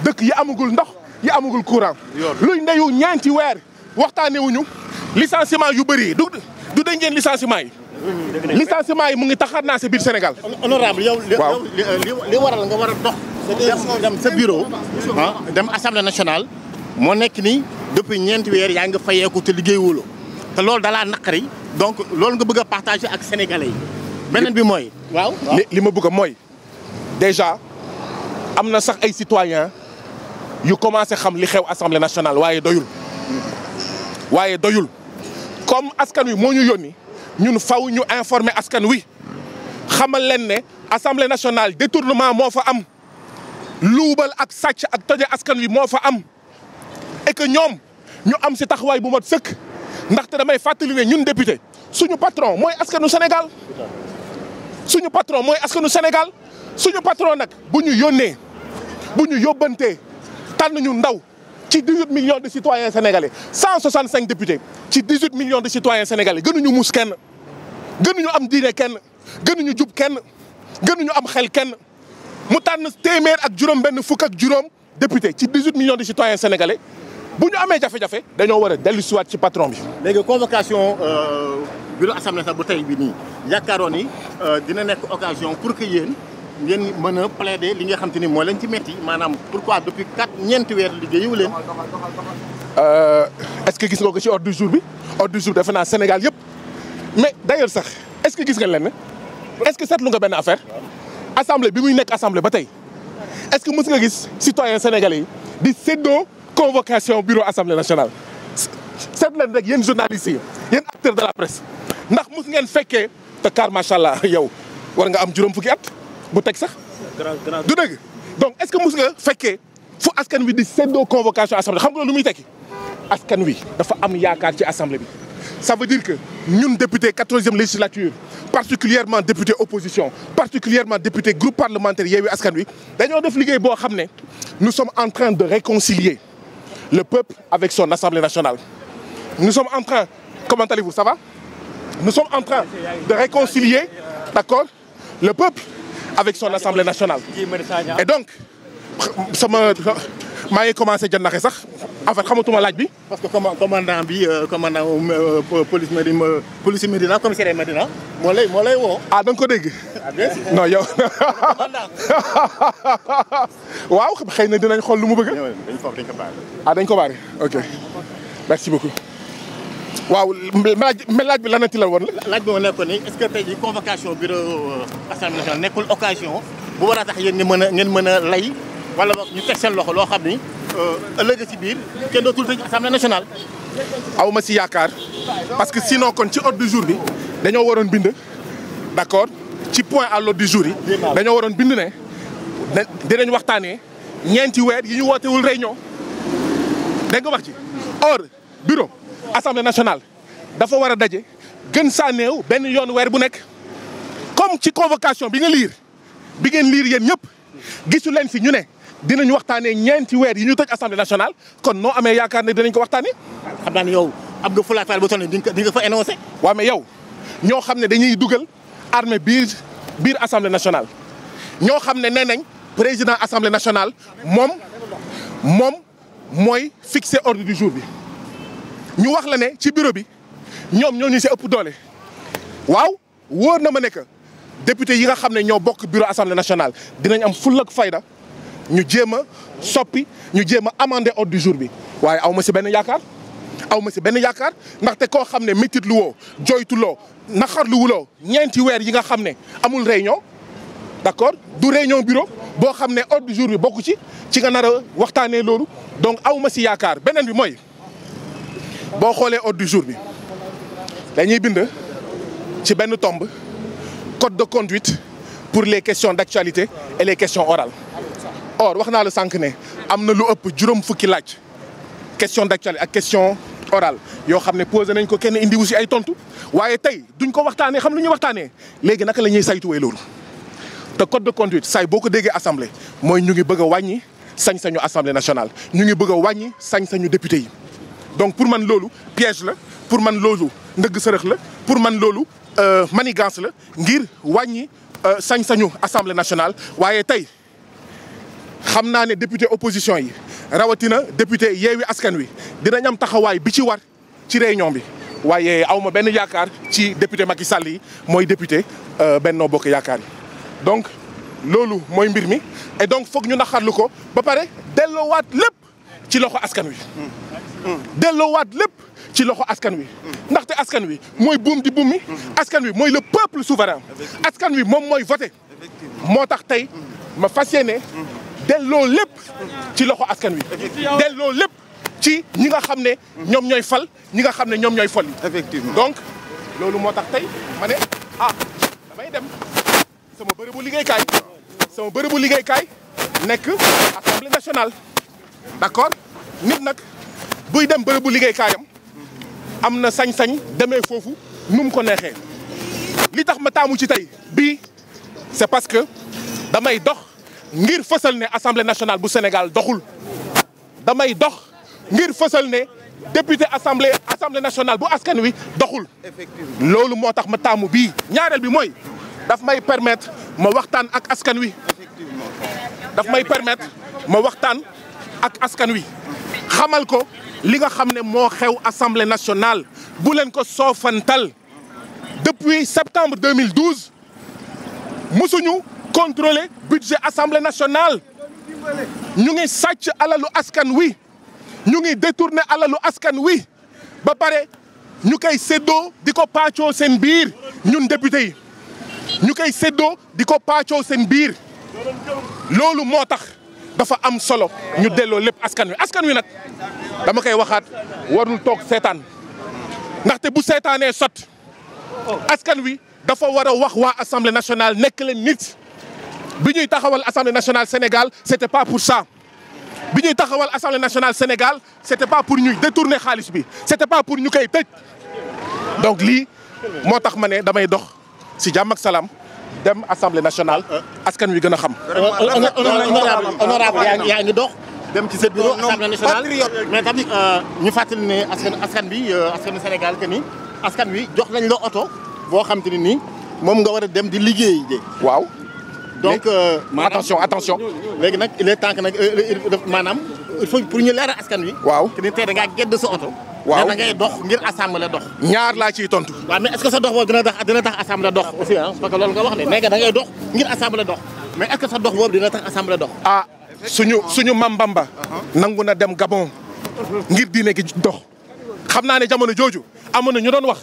dëkk yi amagul ndox yi amagul courant. luy ndeyu ñeenti weer waxtaanee wuñu. licenciement yu bëri du du dañ ngeen licenciement yi. licenciement yi mu ngi taxaat naa sa biir Sénégal. honorable yow li waral nga war a dox. dem sa bureau ah, dem assemblée nationale moo nekk nii depuis ñeenti weer yaa ngi fayeeku te liggéey wóolo te loolu dalaa naqari donc loolu nga bëgg a partager ak sénégalais beneen bi mooy waaw li ma bëgg mooy déjà am na sax ay citoyens yu commencé xam li xew assemblée nationale waaye doyul waaye doyul comme askan wi moo ñu yónni ñun faw ñu informer askan wi xamal leen ne assemblée nationale détournement moo fa am luubal ak sàcc ak toje askan wi moo fa am et que ñoom ñu am si taxawaay bu mat sëkk ndaxte damay fàttali ñun député suñu patron mooy askanu Sénégal suñu patron mooy askanu Sénégal suñu patron nag bu ñu yónnee bu ñu yóbbantee tànn ñu ndaw ci 18 millions de citoyens sénégalais 165 députés ci 18 millions de citoyens sénégalais gënuñu muus kenn ñu am diine kenn ñu jub kenn ñu am xel kenn mu tànn téeméer ak juróom benn fukk ak juróom député ci 18 millions de citoyens sénégalais bu ñu amee jafe-jafe dañoo war a dellu siwaat ci patron bi. léegi convocation euh, bureau assemblée sax bu tey bi nii yaakaaroon ni euh, dina nekk occasion pour que yéen. ngeen mën a plaider li nga xam te ni moo leen ci metti maanaam pourquoi depuis quatre ñeenti weer liggéeyu leen. Euh, est-ce que gis nga ko ci ordre du jour bi ordre du jour defe naa Sénégal yëpp mais d'ailleurs sax est-ce que gis nga leen est-ce que seetlu nga benn affaire assemblée bi muy nekk assemblée ba tey est-ce que mës nga gis citoyen sénégalais yi di séddoo convocation bureau assemblée nationale. seet leen rek yéen journalistes yi yéen acteurs de la presse ndax mës ngeen fekkee car macha allah yow war nga am juróom fukki at. bu teg sax. du dëgg donc est-ce que mus nga fekkee fu askan wi di séddoo convocation assemblée xam nga lu muy tekki askan wi dafa am yaakaar ci assemblée bi. ça veut dire que ñun député quatorzième législature particulièrement député opposition particulièrement député groupe parlementaire Yewwi Askan Wi dañoo def liggéey bo xam ne nous sommes en train de réconcilier le peuple avec son assemblée nationale nous sommes en train comment allez-vous ça va nous sommes en train de le peuple avec son assemblée nationale. et donc sama maa ngi commencé jot naxe sax en xamatuma laaj bi. parce que commandant bi euh, commandant euh, euh, police Médina police Médina commissariat Médina moo lay moo lay woo. ah da ko dégg. Ah, non yow. waaw xëy na dinañ xool lu mu bëgg. dañ ko dañ ko ah dañ ko bari ok merci beaucoup. waaw laaj laaj bi lanati la woon. laaj bi ma nekkoon nii est-ce que tey jii convocation euh, nekkul occasion bu war a tax yéen mën a ngeen mën a lay wala ñu teg seen loxo loo xam ni euh, ëllëg ci biir kenn dootul tëj assemblée national aw ma si yaakaar parce que sino kon ci ordre du jour bi dañoo waroon bind d'accord ci point à l'ordre du jour yi. dañoo waroon bind ne dinañ waxtaanee ñeenti weer yi ñu wootewul réunion dégg nga wax ci or bureau. assemblée nationale dafa war a daje gën saa benn yoon weer bu nekk comme ci convocation bi nga liir bi ngeen liir yéen ñëpp gisu leen fi ñu ne dinañ waxtaanee ñeenti weer yi ñu tëj assemblée nationale kon noo amee yaakaar ne dinañ ko waxtaanee. xam naa ne yow Abdou Fulataal ba toll di nga fa énoncé. waaw mais yow ñoo xam ne dañuy dugal armée biir biir assemblée nationale ñoo xam ne nee nañ président assemblée nationale moom moom mooy fixer ordre du jour bi. ñu wax la ne ci bureau bi ñoom ñoo ñu si ëpp doole waaw wóor na ma ne que député yi nga xam ne ñoo bokk bureau assemblée nationale dinañ am fulla ak fayda ñu jéem a soppi ñu jéem a amender ordre du jour bi waaye aw ma si benn yaakaar aw ma si benn yaakaar ndaxte koo xam ne métit lu woo joytu loo naqarlu wuloo ñeenti weer yi nga xam ne amul réunion d'accord du réunion bureau boo xam ne ordre du jour bi bokk ci ci nga nar a waxtaanee loolu donc aw ma si yaakaar beneen bi mooy boo xoolee ordre du jour bi dañuy bind ci benn tombe code de conduite pour les questions d'actualité et les questions orales or wax naa la sànq ne am na lu ëpp juróom fukki laaj question d'actualité ak question orale yoo xam ne posé nañ ko kenn indiwu si ay tontu waaye tey duñ ko waxtaanee xam lu ñuy waxtaanee léegi naka la ñuy saytuwee loolu te code de conduite say boo ko déggee assemblée mooy ñu ngi bëgg wàññi sañ-sañu assemblée nationale ñu ngi bëgg a wàññi sañ-sañu député yi donc pour man loolu piège la pour man loolu ndëgg sërëx la pour man loolu euh, manigance la ngir wàññi euh, sañ-sañu assemblée nationale waaye tey xam naa ne député opposition yi rawatina député yeewi askan wi dinañ am taxawaay bi ci war ci réunion bi waaye awma benn yaakaar ci député Macky Sall yi mooy député euh, Benno Bokk Yaakaar yi donc loolu mooy mbir mi et donc foog ñu naxarlu ko ba pare delloowaat lépp ci loxo askan wi delloowaat lépp ci loxo askan wi. ndaxte askan wi mooy buum di buum mi. askan wi mooy le peuple souverain. askan wi moom mooy voté. moo tax tey ma fas yéene delloo lépp ci loxo askan wi. delloo lépp ci ñi nga xam ne. ñoom ñooy fal ñi nga xam ne ñoom ñooy fol yi. effectivement donc loolu moo tax tey ma ne ah damay dem sama bërëbu liggéeykaay sama bërëbu liggéeykaay nekk assemblée nationale d'accord nit nag. buy dem bërëbu liggéeykaayam am na sañ-sañ demee foofu nu ko neexee li tax ma taamu ci tey bii c'est parce que damay dox ngir fësal ne assemblée nationale bu Sénégal doxul damay dox ngir fësal ne député assemblée assemblée nationale bu askan wi doxul loolu moo tax ma taamu bii ñaareel bi mooy daf may permettre ma waxtaan ak askan wi daf may permettre ma waxtaan ak askan wi xamal ko li nga xam ne moo xew assemblée nationale bu leen ko soofantal depuis septembre 2012 mosuñu contrôler budget assemblée nationale ñu ngi sàcc alalu askan wi ñu ngi détourner alalu askan wi ba pare ñu koy séddoo di ko paccoo seen biir ñun député yi ñu koy séddoo di ko paccoo seen biir loolu moo tax dafa am solo ñu delloo lépp askan wi askan wi nag dama koy waxaat warul toog seetaan ndaxte bu seetaanee sot askan wi dafa war a wax waa assemblée nationale nekk leen nit. bu ñuy taxawal assemblée nationale Sénégal c'était pas pour ça bu ñuy taxawal assemblée nationale Sénégal c'était pas pour ñuy détourner xaalis bi c'était pas pour ñu koy tëj donc lii moo tax ma ne damay dox si jàmm ak salaam. dem assemblée nationale. askan wi gën a xam. honorable yaa ngi dox. dem ci sa bureau assemblée nationale mais tamit euh, ñu fàttali ne askan askan bi euh, askanu Sénégal que ni askan wi jox nañ loo oto boo xam te ne nii moom nga war a dem di liggéey de waaw donc euh, attention attention. léegi nag il est temps que nag maanaam il faut pour ñu leeral askan wi. waaw que ni tey gedd sa oto. waaw nee ngay dox ngir assemblée dox. ñaar laa ciy tontu. waaw mais est-ce que sa dox boobu dina tax dina tax assemblée dox aussi ah parce que loolu nga wax ne nee nga da ngay dox ngir assemblée dox mais est-ce dox boobu dina tax assemblée dox. ah suñu suñu mambamba. nangu na dem Gabon ngir diine gi dox. xam naa ne jamono jooju amoon na ñu doon wax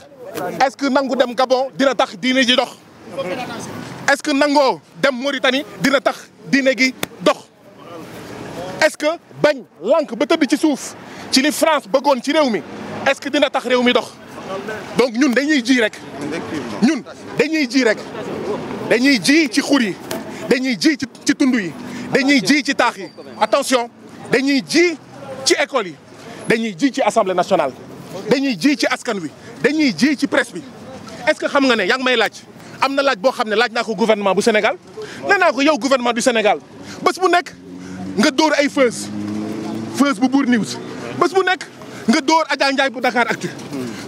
est que nangu dem Gabon dina tax diine ji dox est-ce que nangoo dem Mauritanie dina tax diine gi dox. est-ce que bañ lànk ba tëdd ci suuf ci li France bëggoon ci réew mi est-ce que dina tax réew mi dox donc ñun dañuy ji rek ñun dañuy ji rek dañuy ji ci xur yi dañuy ji ci tund yi dañuy ji ci taax yi attention dañuy ji ci école yi dañuy ji ci assemblée nationale dañuy ji ci askan wi dañuy ji ci presse bi est-ce que xam nga ne yaa ngi may laaj am na laaj boo xam ne laaj naa ko gouvernement bu Sénégal nee ko yow gouvernement du Sénégal bés nga dóor ay feus feus bu buur news bu nekk nga dóor Adja Ndiaye bu dakaar Actu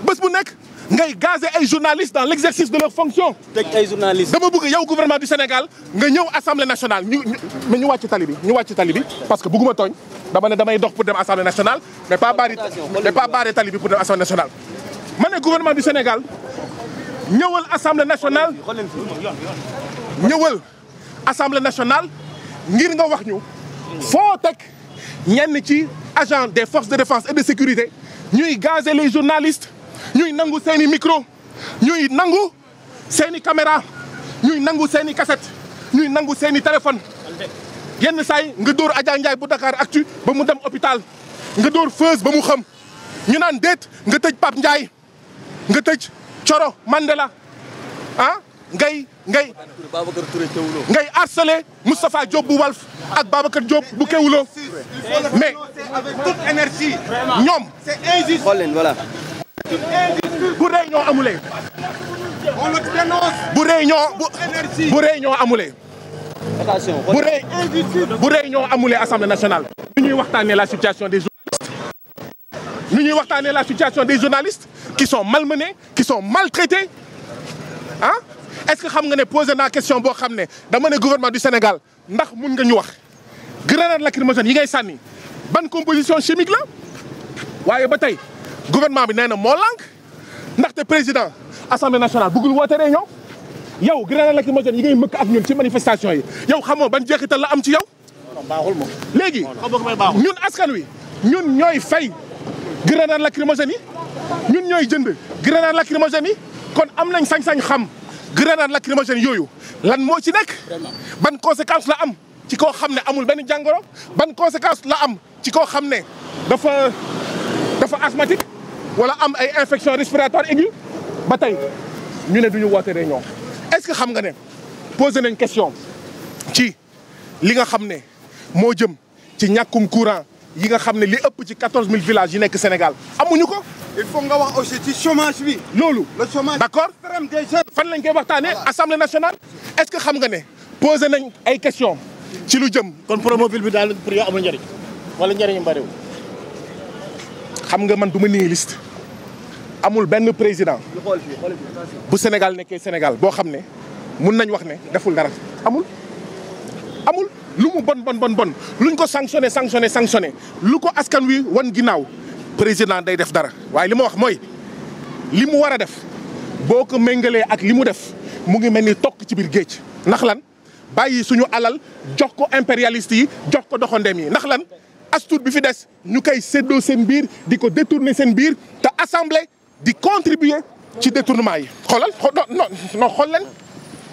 bés bu nekk ngay gazé ay journalistes dans l' exercice de leur fonction. teg ay journalistes. dama bëgg yow gouvernement du Sénégal nga ñëw assemblée nationale ñu ñu ñu wàcc tali bi ñu wàcc tali bi parce que bëgguma tooñ dama ne damay dox pour dem assemblée nationale mais pas bari mais pas bari tali bi pour dem assemblée nationale. ma ne gouvernement du Sénégal ñëwal assemblée nationale ñëwal assemblée nationale ngir nga wax ñu. foo teg ñenn ci agent des forces de défense et de sécurité ñuy gazer les journalistes ñuy nangu seeni micro ñuy nangu seeni caméra ñuy nangu seeni cassette ñuy nangu seeni téléphone yenn say nga dóor Adja Ndiaye bu Dakar Actu ba mu dem hôpital nga dóor Feuz ba mu xam ñu naan déet nga tëj Pape Ndiaye nga tëj Coro Mandela ah ngay ngay ngay harcelé Moustapha Diop bu Walf ak Babacar Diop bu Kewulo mais avec toute énergie ñoom c'est injuste xool bu réunion amulee on le dénonce bu réunion bu réunion bu ré bu amulee assemblée nationale nu ñuy waxtaanee la situation des journalistes ñuy waxtaanee la situation des journalistes qui sont malmenés qui sont maltraités ah est-ce que xam nga ne posé naa question boo xam ne dama ne gouvernement du Sénégal ndax mu nga ñu wax grenade lacrymogène yi ngay sànni ban composition chimique la waaye ba tey gouvernement bi nee na moo lànk ndaxte président assemblée nationale bëggul woote réunion yow grenade lacrymogène yi ngay mëkk ak ñun ci manifestation yi yow xamoo ban jeexital la am ci yow. baaxul moom léegi ñun askan wi ñun ñooy fay grenade lacrymogène yi ñun ñooy jënd grenade lacrymogène yi kon am nañ sañ-sañ xam. grenade lacrymogène yooyu lan moo ci nekk. ban conséquence la am ci koo xam ne amul benn jàngoro. ban conséquence la am ci koo xam ne dafa dafa asthmatique wala am ay infection respiratoire aiguë ba tey ñu ne du ñu woote réunion est-ce que xam nga ne posé nañ question ci li nga xam ne moo jëm ci ñàkkum courant yi nga xam ne li ëpp ci mille villages yi nekk Sénégal amuñu ko. il nga wax aussi ci chômage bi. loolu le chômage d'accord extrême des jeunes. fan lañ koy waxtaanee assemblée nationale. est-ce que xam nga ne posé nañ ay questions ci lu jëm. kon promobile bi daal pour yow amul njëriñ wala njëriñu bariwul. xam nga man du ma nii liste amul benn président bu Sénégal nekkee Sénégal boo xam ne mun nañ wax ne deful dara amul. amul lu mu bon bon bon bon luñ ko sanctionné sanctionné sanctionné lu ko askan wi wan ginnaaw. président day def dara waaye li ma wax mooy li mu war a def boo ko méngalee ak li mu def mu ngi mel ni tokk ci biir géej ndax lan bàyyi suñu alal jox ko impérialiste yi jox ko doxandeem yi ndax lan astuut bi fi des ñu koy séddoo seen biir di ko détourner seen biir te assemblée di contribuer ci détournement yi xoolal non non xool leen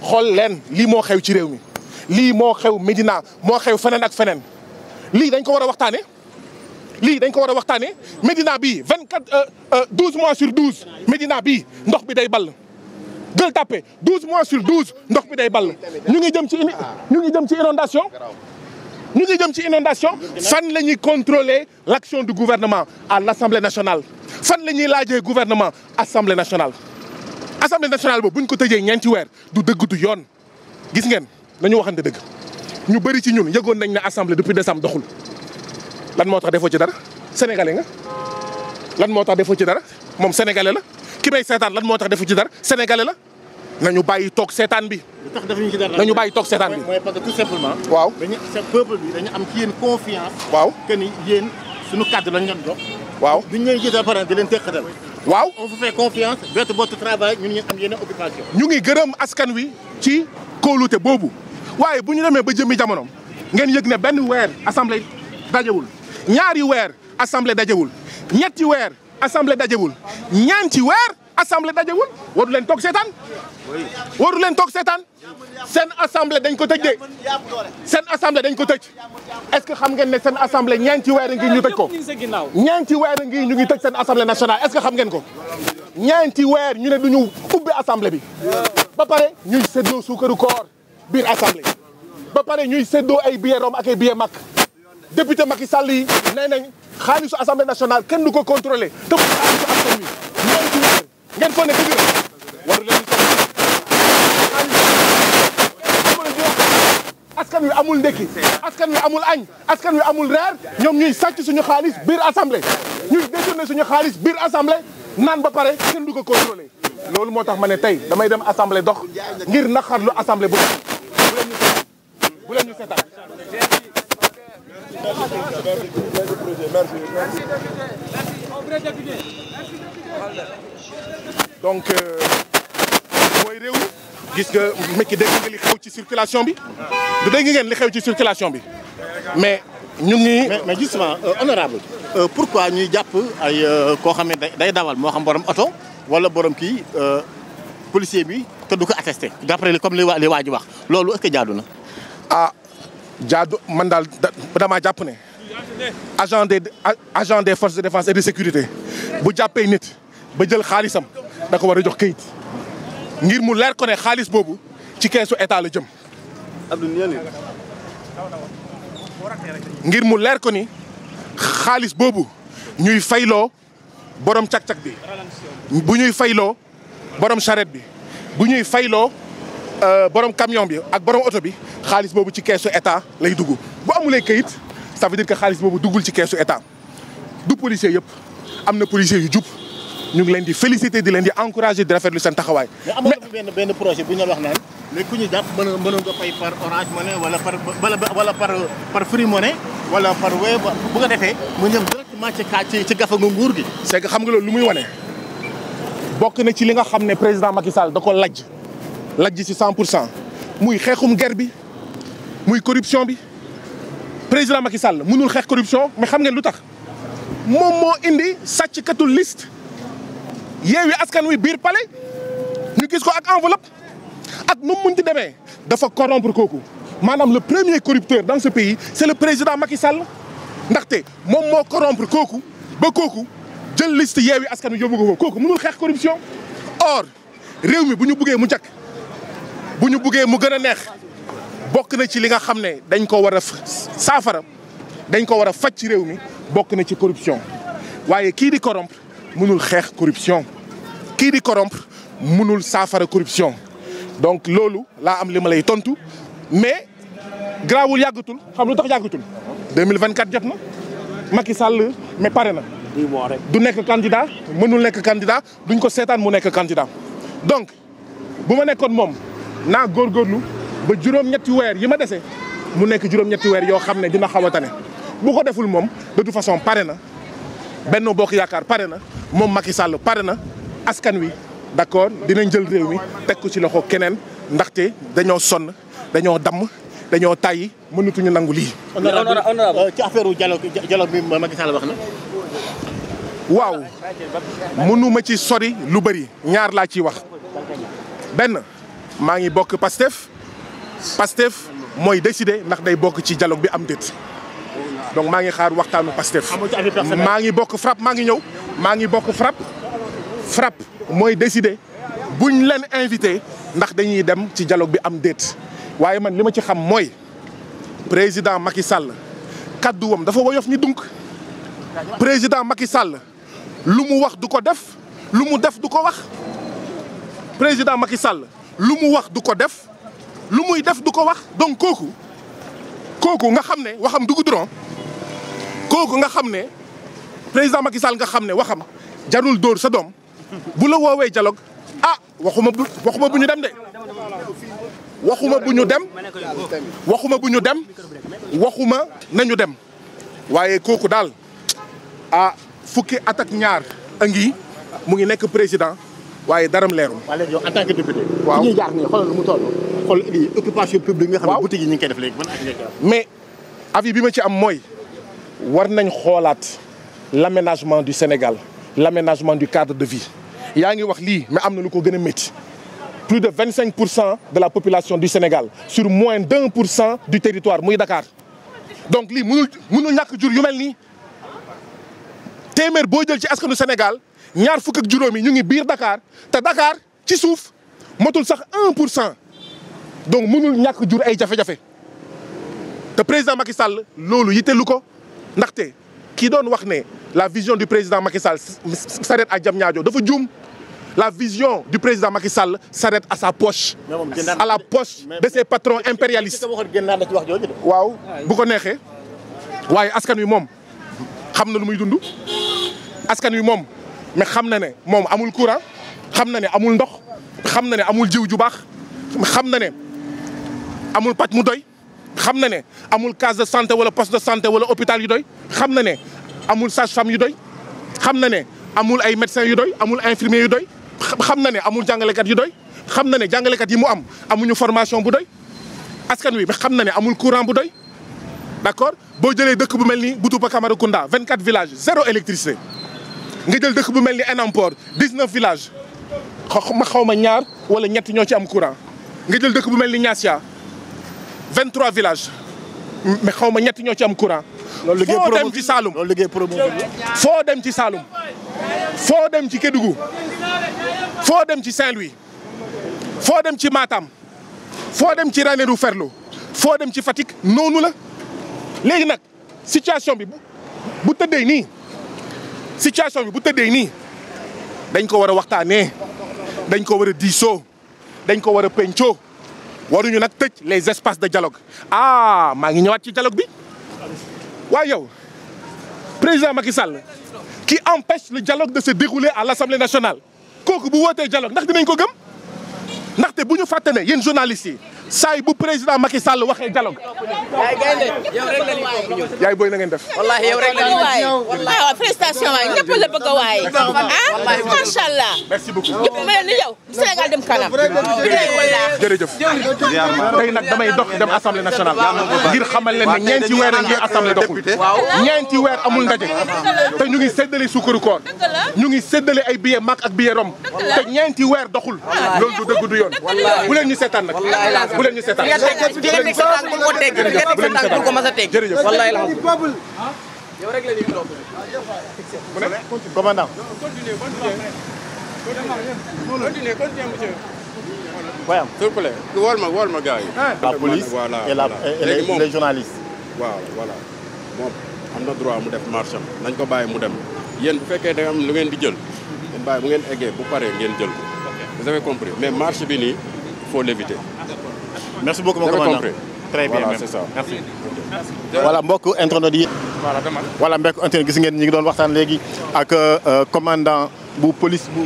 xool leen lii moo xew ci réew mi lii moo xew médinant moo xew feneen ak feneen lii dañ ko war a waxtaane lii dañ ko war a waxtaanee Médina bii 24 12 euh, euh, mois sur 12 Médina bi ndox bi day ball. Gueule Tapée 12 mois sur 12 ndox bi day ball ñu ngi jëm ci ñu ngi jëm ci inondation ñu ngi jëm ci inondation fan la ñuy contrôler l' action du gouvernement à l' assemblée nationale fan la ñuy laajee gouvernement assemblée nationale. assemblée nationale boobu bu ñu ko tëjee ñeenti weer du dëgg du yoon gis ngeen nañu waxante dëgg ñu bëri ci ñun yëgoon nañ ne assemblée depuis décembre doxul. lan moo tax defoo ci dara sénégalais nga lan moo tax defoo ci dara moom sénégalais la ki may seetaan lan moo tax defu ci dara sénégalais la na ñu bàyyi toog seetaan bi. lu ñu defuñu ci dara nañu bàyyi toog seetaan bi mooy parce que tout simplement. waaw am ci yéen confiance. waaw que ni yéen suñu kàddu lañ leen waaw duñ leen jiital par exemple di leen teqatal. waaw on vous fait confiance bett ñu am yeneen ñu ngi gërëm askan wi ci kóolute boobu waaye bu ñu demee ba jëmmi jamono ngeen yëg ne benn weer assemblée dajewul. ñaari weer assemblée dajewul ñetti weer assemblée dajewul ñeenti weer assemblée dajewul waru leen toog seetaan waru leen toog seetaan seen assemblée dañ ko tëj de seen assemblée dañ ko tëj est-ce que xam ngeen ne seen assemblée ñeenti weer ngi ñu tëj ko ñeenti weer ngi ñu ngi tëj seen assemblée nationale est-ce que xam ngeen ko ñeenti weer ñu ne duñu ubbi assemblée bi ba pare ñuy séddoo suukaru koor biir assemblée ba pare ñuy séddoo ay billet rom ak ay billet député Macky Sall yi nee nañ xaalisu assemblée nationale kenn du ko contrôlé te bu xaalisu askan amul ndekki askan wi amul añ askan amul reer ñoom ñuy sàcc suñu xaalis biir assemblée ñuy détourné suñu xaalis biir assemblée naan ba pare kenn du ko contrôlé loolu moo tax ma ne tey damay dem assemblée dox ngir naqarlu assemblée bu bu leen ñu donc euh, mooy réew gis nga mekki dégg nga li xew ci circulation bi du ngeen li xew ci circulation bi mais ñu ngi mais justement euh, honorable euh, pourquoi ñuy jàpp ay koo xam day dawal moo xam borom oto wala borom kii policier bi te du ko attesté d'après comme li waa li waa ji wax loolu est-ce na ah jaadu man daal damaa jàpp ne agent des agent des forces de défense et de sécurité bu jàppee nit ba jël xaalisam da ko war a jox kayit ngir mu leer ko ne xaalis boobu ci keesu état la jëm. ngir mu leer ko ni xaalis boobu ñuy fayloo borom cak-cak bi bu ñuy fayloo borom charrette bi bu ñuy fayloo. Euh, borom camion bi ak borom oto bi xaalis boobu ci keesu état lay dugg bu amulee kayit ça veut dire que xaalis boobu duggul ci keesu état du policier yëpp am na policier yu jub ñu ngi leen di féliciter di leen di encourager di rafetlu seen taxawaay. mais amoon na benn benn projet bu ñu wax naan léegi ku ñu jàpp mën mënoon nga fay par Orange Money wala par wala par par Free Money wala par Wave bu nga defee mu ñëw directement ci kaa ci ci gafa nga nguur gi. c'est que xam nga loolu lu muy wane bokk na ci li nga xam ne président Macky Sall da ko lajj. lajj si cent pour cent muy xeexum guerre bi muy corruption bi président Macky Sall mënul xeex corruption mi xam ngeen lu tax moom moo indi sàcckatu liste yeewi askan wi biir palais ñu gis ko ak enveloppe ak nu mu munti demee dafa corrompre kooku maanaam le premier corrupteur dans ce pays c'est le président Macky Sall ndaxte moom moo corrompre kooku ba kooku jël liste yeewi askan wi yóbbu ko kooku mënul xeex corruption or réew mi bu ñu buggee mu jakk bu ñu buggee mu gën a neex bokk na ci li nga xam ne dañ ko war a saafara dañ ko war a faj ci réew mi bokk na ci corruption waaye kii di corrompre mënul xeex corruption kii di corrompre mënul saafara corruption donc loolu laa am li ma lay tontu mais grawul yàggatul xam lu tax yàggatul 2024 jot na Macky sàll mais pare na du nekk candidat mënul nekk candidat duñ ko seetaan mu nekk candidat donc bu ma nekkoon moom naa góor góorlu ba juróom-ñetti weer yi ma dese mu nekk juróom-ñetti weer yoo xam ne dina xaw a bu ko deful moom de toute façon pare na benn Bokk Yaakaar pare na moom Macky Sall pare na askan wi d'accord dinañ jël réew mi teg ci loxo keneen ndaxte dañoo sonn dañoo damm dañoo tàyyi mënatuñu nangu lii. honorable euh, ci affaire dialogue dialogue bi Macky Sall wax na. waaw mënu ci sori lu bëri ñaar laa ciy wax benn. maa ngi bokk Pastef Pastef mooy décider ndax day bokk ci dialogue bi am déet donc maa ngi xaar waxtaanu Pastef maa ngi bokk FRAPP maa ngi ñëw maa ngi bokk FRAPP FRAPP mooy décider buñ leen invité ndax dañuy dem ci dialogue bi am déet waaye man li ma ci xam mooy président Macky Sall kàdduwam dafa woyof ni dunk président Macky Sall lu mu wax du ko def lu mu def du ko wax président Macky Sall lu mu wax du ko def lu muy def du ko wax donc kooku kooku nga xam ne waxam du goudron kooku nga xam ne président Macky Sall nga xam ne waxam jarul dóor sa doom bu la woowee dialogue ah waxuma bu waxuma bu ñu dem de waxuma bu ñu dem waxuma bu ñu dem waxuma nañu dem waaye kooku daal ah fukki at ak ñaar a ngi mu ngi nekk président waaye daram leerul. waaw léegi mais avis bi ma ci am mooy war nañ xoolaat l'aménagement du Sénégal l'aménagement du cadre de vie yaa ngi wax lii mais am na lu ko gën a métti plus de vingt cinq pour cent de la population du Sénégal sur moins d' pour cent du territoire muy Dakar donc lii mënul mënul jur yu mel nii. téeméer boo jël ci askanu Sénégal ñaar fukk ak juróom yi ñu ngi biir Dakar te dakaar ci suuf matul sax un pour cent donc mënul ñàkk jur ay jafe-jafe te président Macky Sall loolu yitteelu ko ndaxte kii doon wax ne la vision du président Macky Sall s'arrête jam ñaajo dafa juum la vision du président Macky Sall s'arrête à sa poche. à la poche de ses patrons impérialistes. waaw bu ko neexee waaye askan wi moom xam na lu muy dund. askan wi moom mais xam na ne moom amul courant xam na ne amul ndox xam na ne amul jiw ju baax xam na ne amul paj mu doy xam na ne amul case de santé wala poste de santé wala hôpital yu doy xam na ne amul sage-femme yu doy xam na ne amul ay médecins yu doy amul infirmier yu doy xam na ne amul jàngalekat yu doy xam na ne jàngalekat yi mu am amuñu formation bu doy askan wi xam na ne amul courant bu doy d'accord boo jëlee dëkk bu mel ni Boutoupa Camaracounda 24 villages zéro électricité nga jël dëkk bu mel ni Enampor 19 villages ma xaw ma ñaar wala ñett ñoo ci am courant nga jël dëkk bu mel ni Niassia 23 villages mais xaw ma ñett ñoo ci am courant. loolu liggéey foo dem ci Saloum loolu liggéey foo dem ci Saloum foo dem ci Kédougou foo dem ci Saint-Louis foo dem ci maatam foo dem ci Ranérou Ferlo foo dem ci Fatick noonu la léegi nag situation bi bu tëddee nii. situation bi bu tëddee nii dañ ko war a waxtaanee dañ ko war a diisoo dañ ko war a pencoo waruñu nag tëj les espaces de dialogue ah maa ngi ñëwaat ci dialogue bi waaye yow président Macky Sall qui empêche le dialogue de se dérouler à l'Assemblée nationale kooku bu wootee dialogue ndax dinañ ko gëm ndaxte bu ñu fàtte ne yéen journalistes yi saay bu président Macky Sall waxee dialogue. yaay gaynde booy na def. wallaahi yow rek la ñuy ah, waay wallaahi waaw prestation waay la bëgg a waay. ah macha allah. merci beaucoup ñëpp mel ni yow. Sénégal dem kanam. jërëjëf. tey nag damay dox dem assemblée nationale. ngir xamal leen ne ñeenti weer a ngi assemblée doxul. ñeenti weer amul ndaje. te ñu ngi séddale suukaru koor. ñu ngi séddale ay billet mag ak billet rom. te ñeenti weer doxul. loolu du dëgg yoon. bu leen ñu seetaan nag bu leen ñu seetaan di nga teg sa tànk bu ko teg di nga teg sa tànk bu ko mas a teg wallaay la yow rek la ñuy topp bu ne commandant continuez continuez continuez monsieur waaw s'il vous plaît wool ma wool ma gars yi ah. la police et la et les journalistes waaw voilà moom am na droit mu def marche am nañ ko bàyyi mu dem yéen bu fekkee da nga am lu ngeen di jël ngeen bàyyi bu ngeen eggee bu paree ngeen jël ko vous avez compris mais marche bi nii il faut l'éviter merci beaucoup mon commandant très mbokk internet yi. voilà dama voilà mbokk internet gis ngeen ñi ngi doon waxtaan léegi ak euh, euh, commandant bu police bu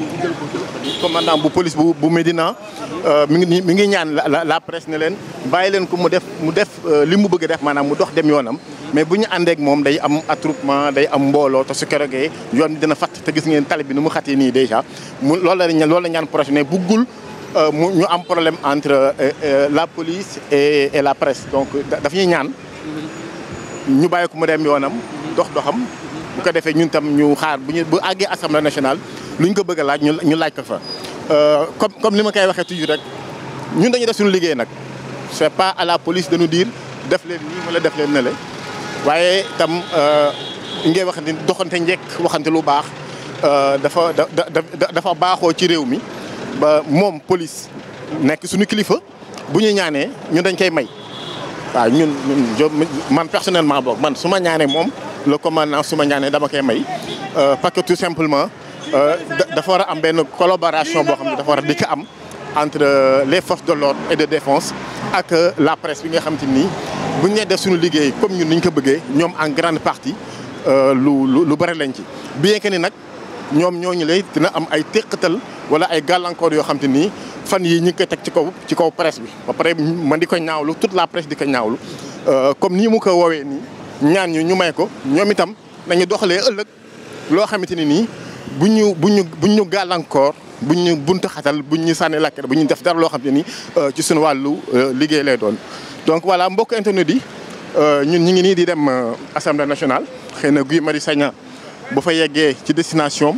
commandant bu police bu bu Médina euh, mi ngi mi ngi ñaan la la presse ne leen bàyyi leen ko mu def mu def li mu bëgg def maanaam mu dox dem yoonam. mais bu ñu àndeek moom day am attroupement day am mbooloo te su kerogee yoon dina fatt te gis ngeen tali bi nu mu xatee nii déjà mu loolu la ñaan loolu la bu gul Euh, mu ñu am problème entre euh, euh, la police et et la presse donc daf ñuy ñaan ñu bàyyi ko mu dem yoonam dox doxam bu ko defee ñun tam ñu xaar bu ñu bu àggee assemblée nationale lu ñu ko bëgg laaj ñu laaj ko fa. comme comme li ma koy waxee toujours rek ñun dañuy def suñu liggéey nag c'est pas à la police dañu nous def leen nii wala def leen ne le waaye tam ngay waxante doxante njëkk waxante lu baax dafa da dafa baaxoo ci réew mi. ba moom police nekk suñu kilifa bu ñu ñaanee ñun dañ koy may waaw ñun ñun man personnellement boog man su ma ñaanee moom le commandant suma ñaanee dama koy may euh, parce que tout simplement euh, dafa war a am benn collaboration boo xam ne dafa war a di ko am entre euh, les forces de l'ordre et de défense ak la presse bi nga xam te nii bu ñu nee def suñu liggéey comme ñun ni ñu ko bëggee ñoom en grande partie lu lu lu bëri lañ ci bien que ni nag. ñoom ñooñu lay dina am ay téqatal wala ay gàllankoor yoo xam te nii fan yi ñu ko teg ci kaw ci kaw presse bi ba pare man di ko ñaawlu tout la presse di ko ñaawlu euh, comme nii mu ko woowee nii ñaan ñu ñu may ko ñoom itam nañu doxalee ëllëg loo xamante ni nii bu ñu bu ñu bu ñu gàllankoor bu ñu buntu xatal bu ñu sànnee làkk bu ñu def dara loo xam ne nii euh, ci suñu wàllu euh, liggéey lay doon. donc voilà mbokk internet yi ñun ñu ngi nii di dem assemblée nationale xëy na Guy Marius Sagna bu fa yeggee ci destination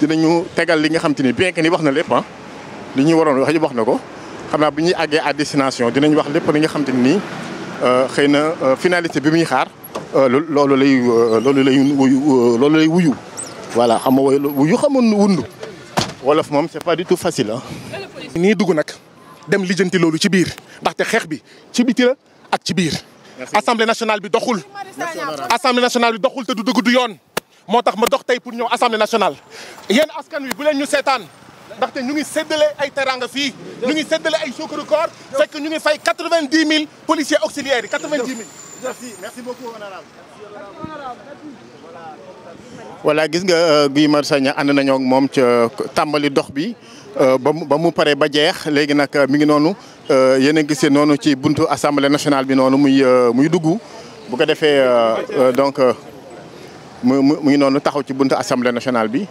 dinañu tegal li nga xam te ni bien que ni wax na lépp ah li ñuy waroon wax yëpp wax na ko xam naa bu ñuy àggee à destination dinañ wax lépp li nga xam te ni euh, xëy na euh, finalité bi muy xaar euh, loolu lay loolu wuyu loolu lay wuyu voilà xam nga wuyu xamoon wund wolof moom c'est pas du tout facile ah. nii dugg nag dem lijjanti loolu ci biir ndaxte xeex bi ci biti ak ci biir. assemblée nationale bi doxul. assemblée nationale bi doxul te du dugg du yoon. moo tax ma dox tey pour ñëw assemblée nationale yéen askan wi bu leen ñu seetaan ndaxte ñu ngi séddale ay teranga fii ñu ngi séddale ay suukaru koor fekk ñu ngi fay quatre-vingt-dix mille policiers auxiliaires yi quatre gis nga euh, Guy Marius Sagna ànd nañoo moom ca euh, tàmbali dox bi euh, ba mu ba mu paree ba jeex léegi nag mi ngi noonu yéen a gisee noonu ci buntu assemblée nationale bi noonu muy muy dugg bu ko defee donc. mu mu ngi noonu taxaw ci buntu assemblée nationale bi.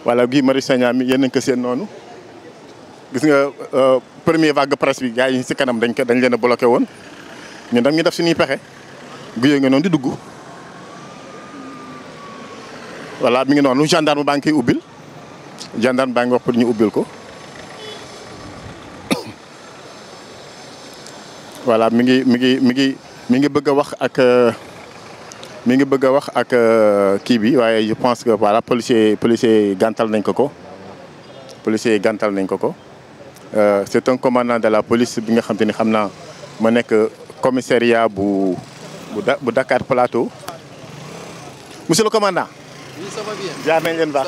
voilà Guy Marius Sagna mi yéen nañ ko seen noonu gis nga euh, premier vague presse bi gars yi si kanam dañ dañ leen a woon ñun tam ñu def suñuy pexe guy nga noonu di dugg. voilà mi ngi noonu gendarme baa ngi koy ubbil gendarme baa ngi wax pour ñu ubbil ko. voilà mi ngi mi ngi mi ngi mi ngi bëgg a wax ak euh, mi ngi bëgg a wax ak euh, kii bi waaye je pense que voilà policier policier gàntal nañ ko ko policier gàntal nañ ko ko euh, c'est un commandant de la police bi nga xam te ni xam naa ma nekk commissariat bu bu Dakar Plateau monsieur le commandant. oui ça va nañ leen baax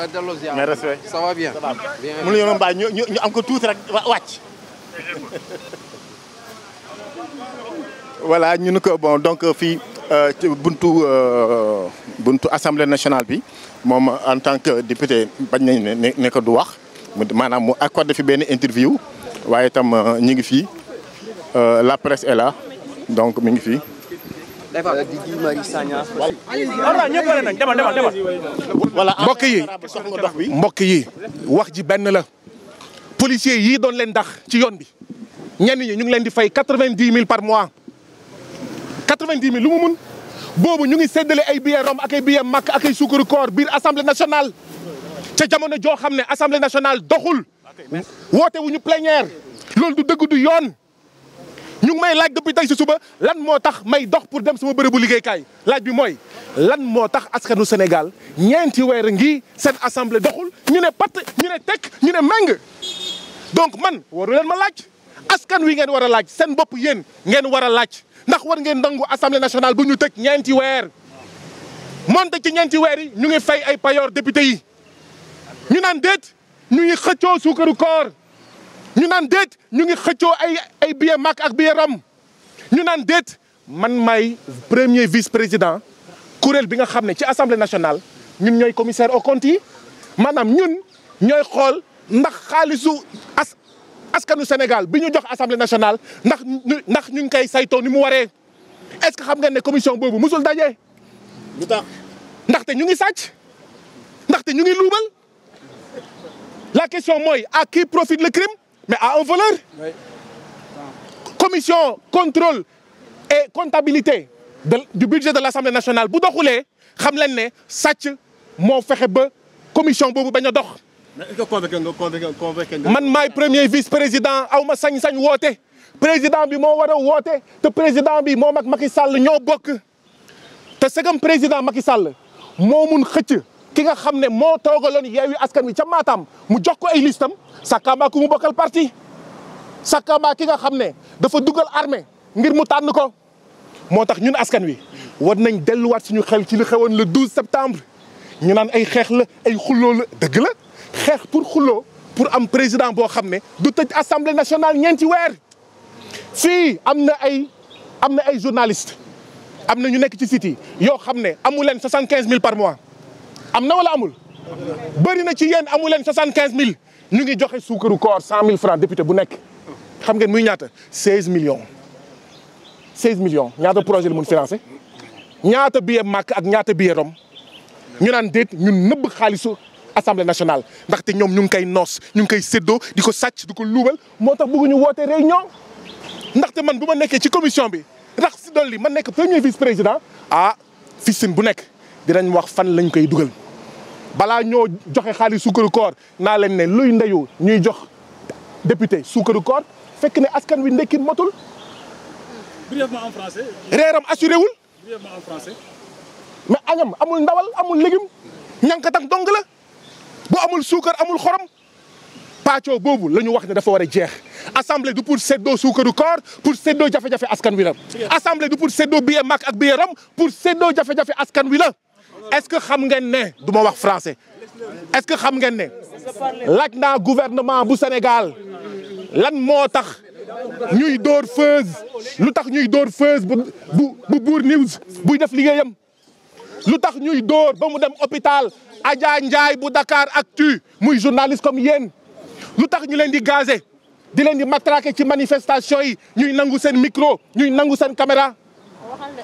mais respect. ça va bien. am ko tuuti rek wàcc. voilà ñu ne ko bon donc euh, fii euh, ci buntu euh, buntu assemblée nationale bi moom en tant que député bañ ne nekk du wax maanaam mu accordé fi benn interview waaye itam ñu ngi fii la presse est là donc mi ngi fii. mbokk yi mbokk yi wax ji benn la. policiers yii doon leen dax ci yoon bi ñenn ñi ñu ngi leen di fay quatre-vingt-dix mille par mois. quatre-vingt-dix mille lu mu mun boobu ñu ngi séddale ay billets Rome ak ay billets Makk ak ay suukaru koor biir assemblée nationale te jamono joo xam ne assemblée nationale doxul woote wu ñu plénière loolu du dëgg du yoon ñu ngi may laaj depuis tey si suba lan moo tax may dox pour dem sama bërëbu liggéeykaay laaj bi mooy lan moo tax askanu Sénégal ñeenti weer ngi seen assemblée doxul ñu ne pat ñu ne tekk ñu ne méng donc man waru leen ma laaj askan wi ngeen war a laaj seen bopp yéen ngeen war a laaj ndax war ngeen nangu assemblée nationale bu ñu tëj ñeenti weer moonte ci ñeenti weer yi ñu ngi fay ay payoor député yi ñu naan déet ñu ngi xëccoo suukaru koor ñu naan déet ñu ngi xëccoo ay ay billet Makka ak billet Rome ñu naan déet man may premier vice président kuréel bi nga xam ne ci assemblée nationale ñun ñooy commissaire aux comptes yi maanaam ñun ñooy xool ndax xaalisu as askanu Sénégal bi ñu jox assemblée nationale ndax ndax ñu ngi koy saytoo ni mu waree est-ce que xam ngeen ne commission boobu mu daje. lu tax ndaxte ñu ngi sàcc ndaxte ñu ngi luubal la question mooy a qui profite le crime mais à un voleur. Oui. commission contrôle et comptabilité de, du budget de l'Assemblée nationale bu doxulee xam leen ne sàcc moo fexe ba commission boobu bañ a dox. mais est-ce que convoqué nga convoqué nga man maay premier vice président aw ma sañ-sañ woote. président bi moo war a woote te président bi moo ak Macky Sall ñoo bokk te segam président Macky Sall moo mun xëcc ki nga xam ne moo toogaloon Yewwi Askan Wi ca maatam mu jox ko ay listam sàkkaamaa ku mu bokkal parti sàkkaamaa ki nga xam ne dafa dugal armée ngir mu tànn ko moo tax ñun askan wi war nañ delluwaat suñu xel ci li xewoon le 12 septembre ñu naan ay xeex la ay xulloo dëgg la xeex pour xuloo pour am président boo xam ne du tëj assemblée nationale ñeenti weer fii am na ay am na ay journaliste am na ñu nekk ci site yi yoo xam ne amu leen soixante quinze mille par mois am na wala amul bëri na ci yéen amu leen soixante quinze mille ñu ngi joxe suukaru koor cent mille francs député bu nekk xam ngeen muy ñaata seize millions seize millions ñaata projet la mun financé ñaata billet màkk ak ñaata billet rom ñu naan déet ñun nëbb xaalisu assemblée nationale ndaxte ñoom ñu ngi koy noos ñu ngi koy séddoo di ko sàcc di ko luubal moo tax bëgguñu woote réunion ndaxte man bu ma nekkee ci commission bi rax si dolli ma nekk premier vice président ah fiscine bu nekk dinañ wax fan lañ koy dugal balaa ñoo joxe xaalis suukaru koor naa leen ne luy ndeyu ñuy jox député suukaru koor fekk ne askan wi ndekki motul. brièvement reeram assuré wul. brièvement en français. mais añam amul ndawal amul légume ñankatang dong la. boo amul suukar amul xorom paccoo boobu la ñu wax ne dafa war a jeex assemblée du pour séddoo suukaru koor pour séddoo jafe-jafe askan wi la. assemblée du pour séddoo billet mag ak billet ram pour séddoo jafe-jafe askan wi la est-ce que xam ngeen ne du ma wax français est-ce que xam ngeen ne laaj naa gouvernement bu Sénégal lan moo tax. ñuy dóor feuse lu tax ñuy dóor feuse bu bu bu buur news buy def liggéeyam lu tax ñuy dóor ba mu dem hôpital Adja Ndiaye bu dakaar Actu muy journaliste comme yéen lu tax ñu leen di gazé di leen di matraqué ci manifestation yi ñuy nangu seen micro ñuy nangu seen caméra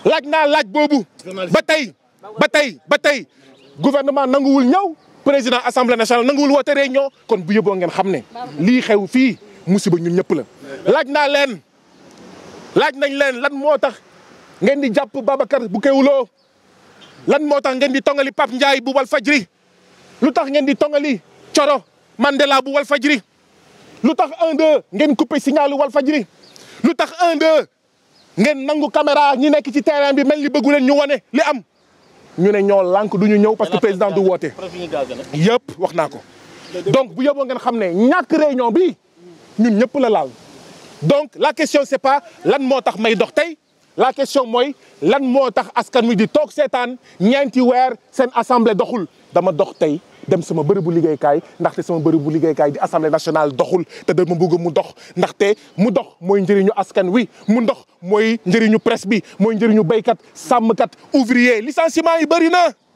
laaj naa laaj boobu ba tey ba tey ba tey gouvernement nanguwul ñëw président assemblée nationale nanguwul woote réunion kon bu yóbboo ngeen xam ne lii xew fii musiba ñu ñëpp la laaj naa leen laaj nañ leen lan moo tax ngeen di jàpp Babacar bu Kewulo lan moo tax ngeen di tongali Pape Ndiaye bu Walfadjri lu tax ngeen di tongali Thioro Mandela bu Walfadjri lu tax 1-2 ngeen coupé signalu Walfadjri lu tax 1 ngeen nangu caméra ñi nekk ci terrain bi mel ni bëggu leen ñu wane li am ñu ne ñoo lank du ñu ñëw parce que président du woote yëpp wax naa ko donc bu yeboo ngeen xam ne ñàkk réunion bi ñun ñëpp la laal donc la question c'est pas lan moo tax may dox tey la question mooy lan moo tax askan wi di toog seetaan ñeenti weer seen assemblée doxul dama dox tey dem sama bërëbu liggéeykaay ndaxte sama bërëbu liggéeykaay di assemblée nationale doxul te dama bëgg mu dox ndaxte mu dox mooy njëriñu askan wi mu dox mooy njëriñu presse bi mooy njëriñu béykat sàmmkat ouvrier licenciement yi bëri na.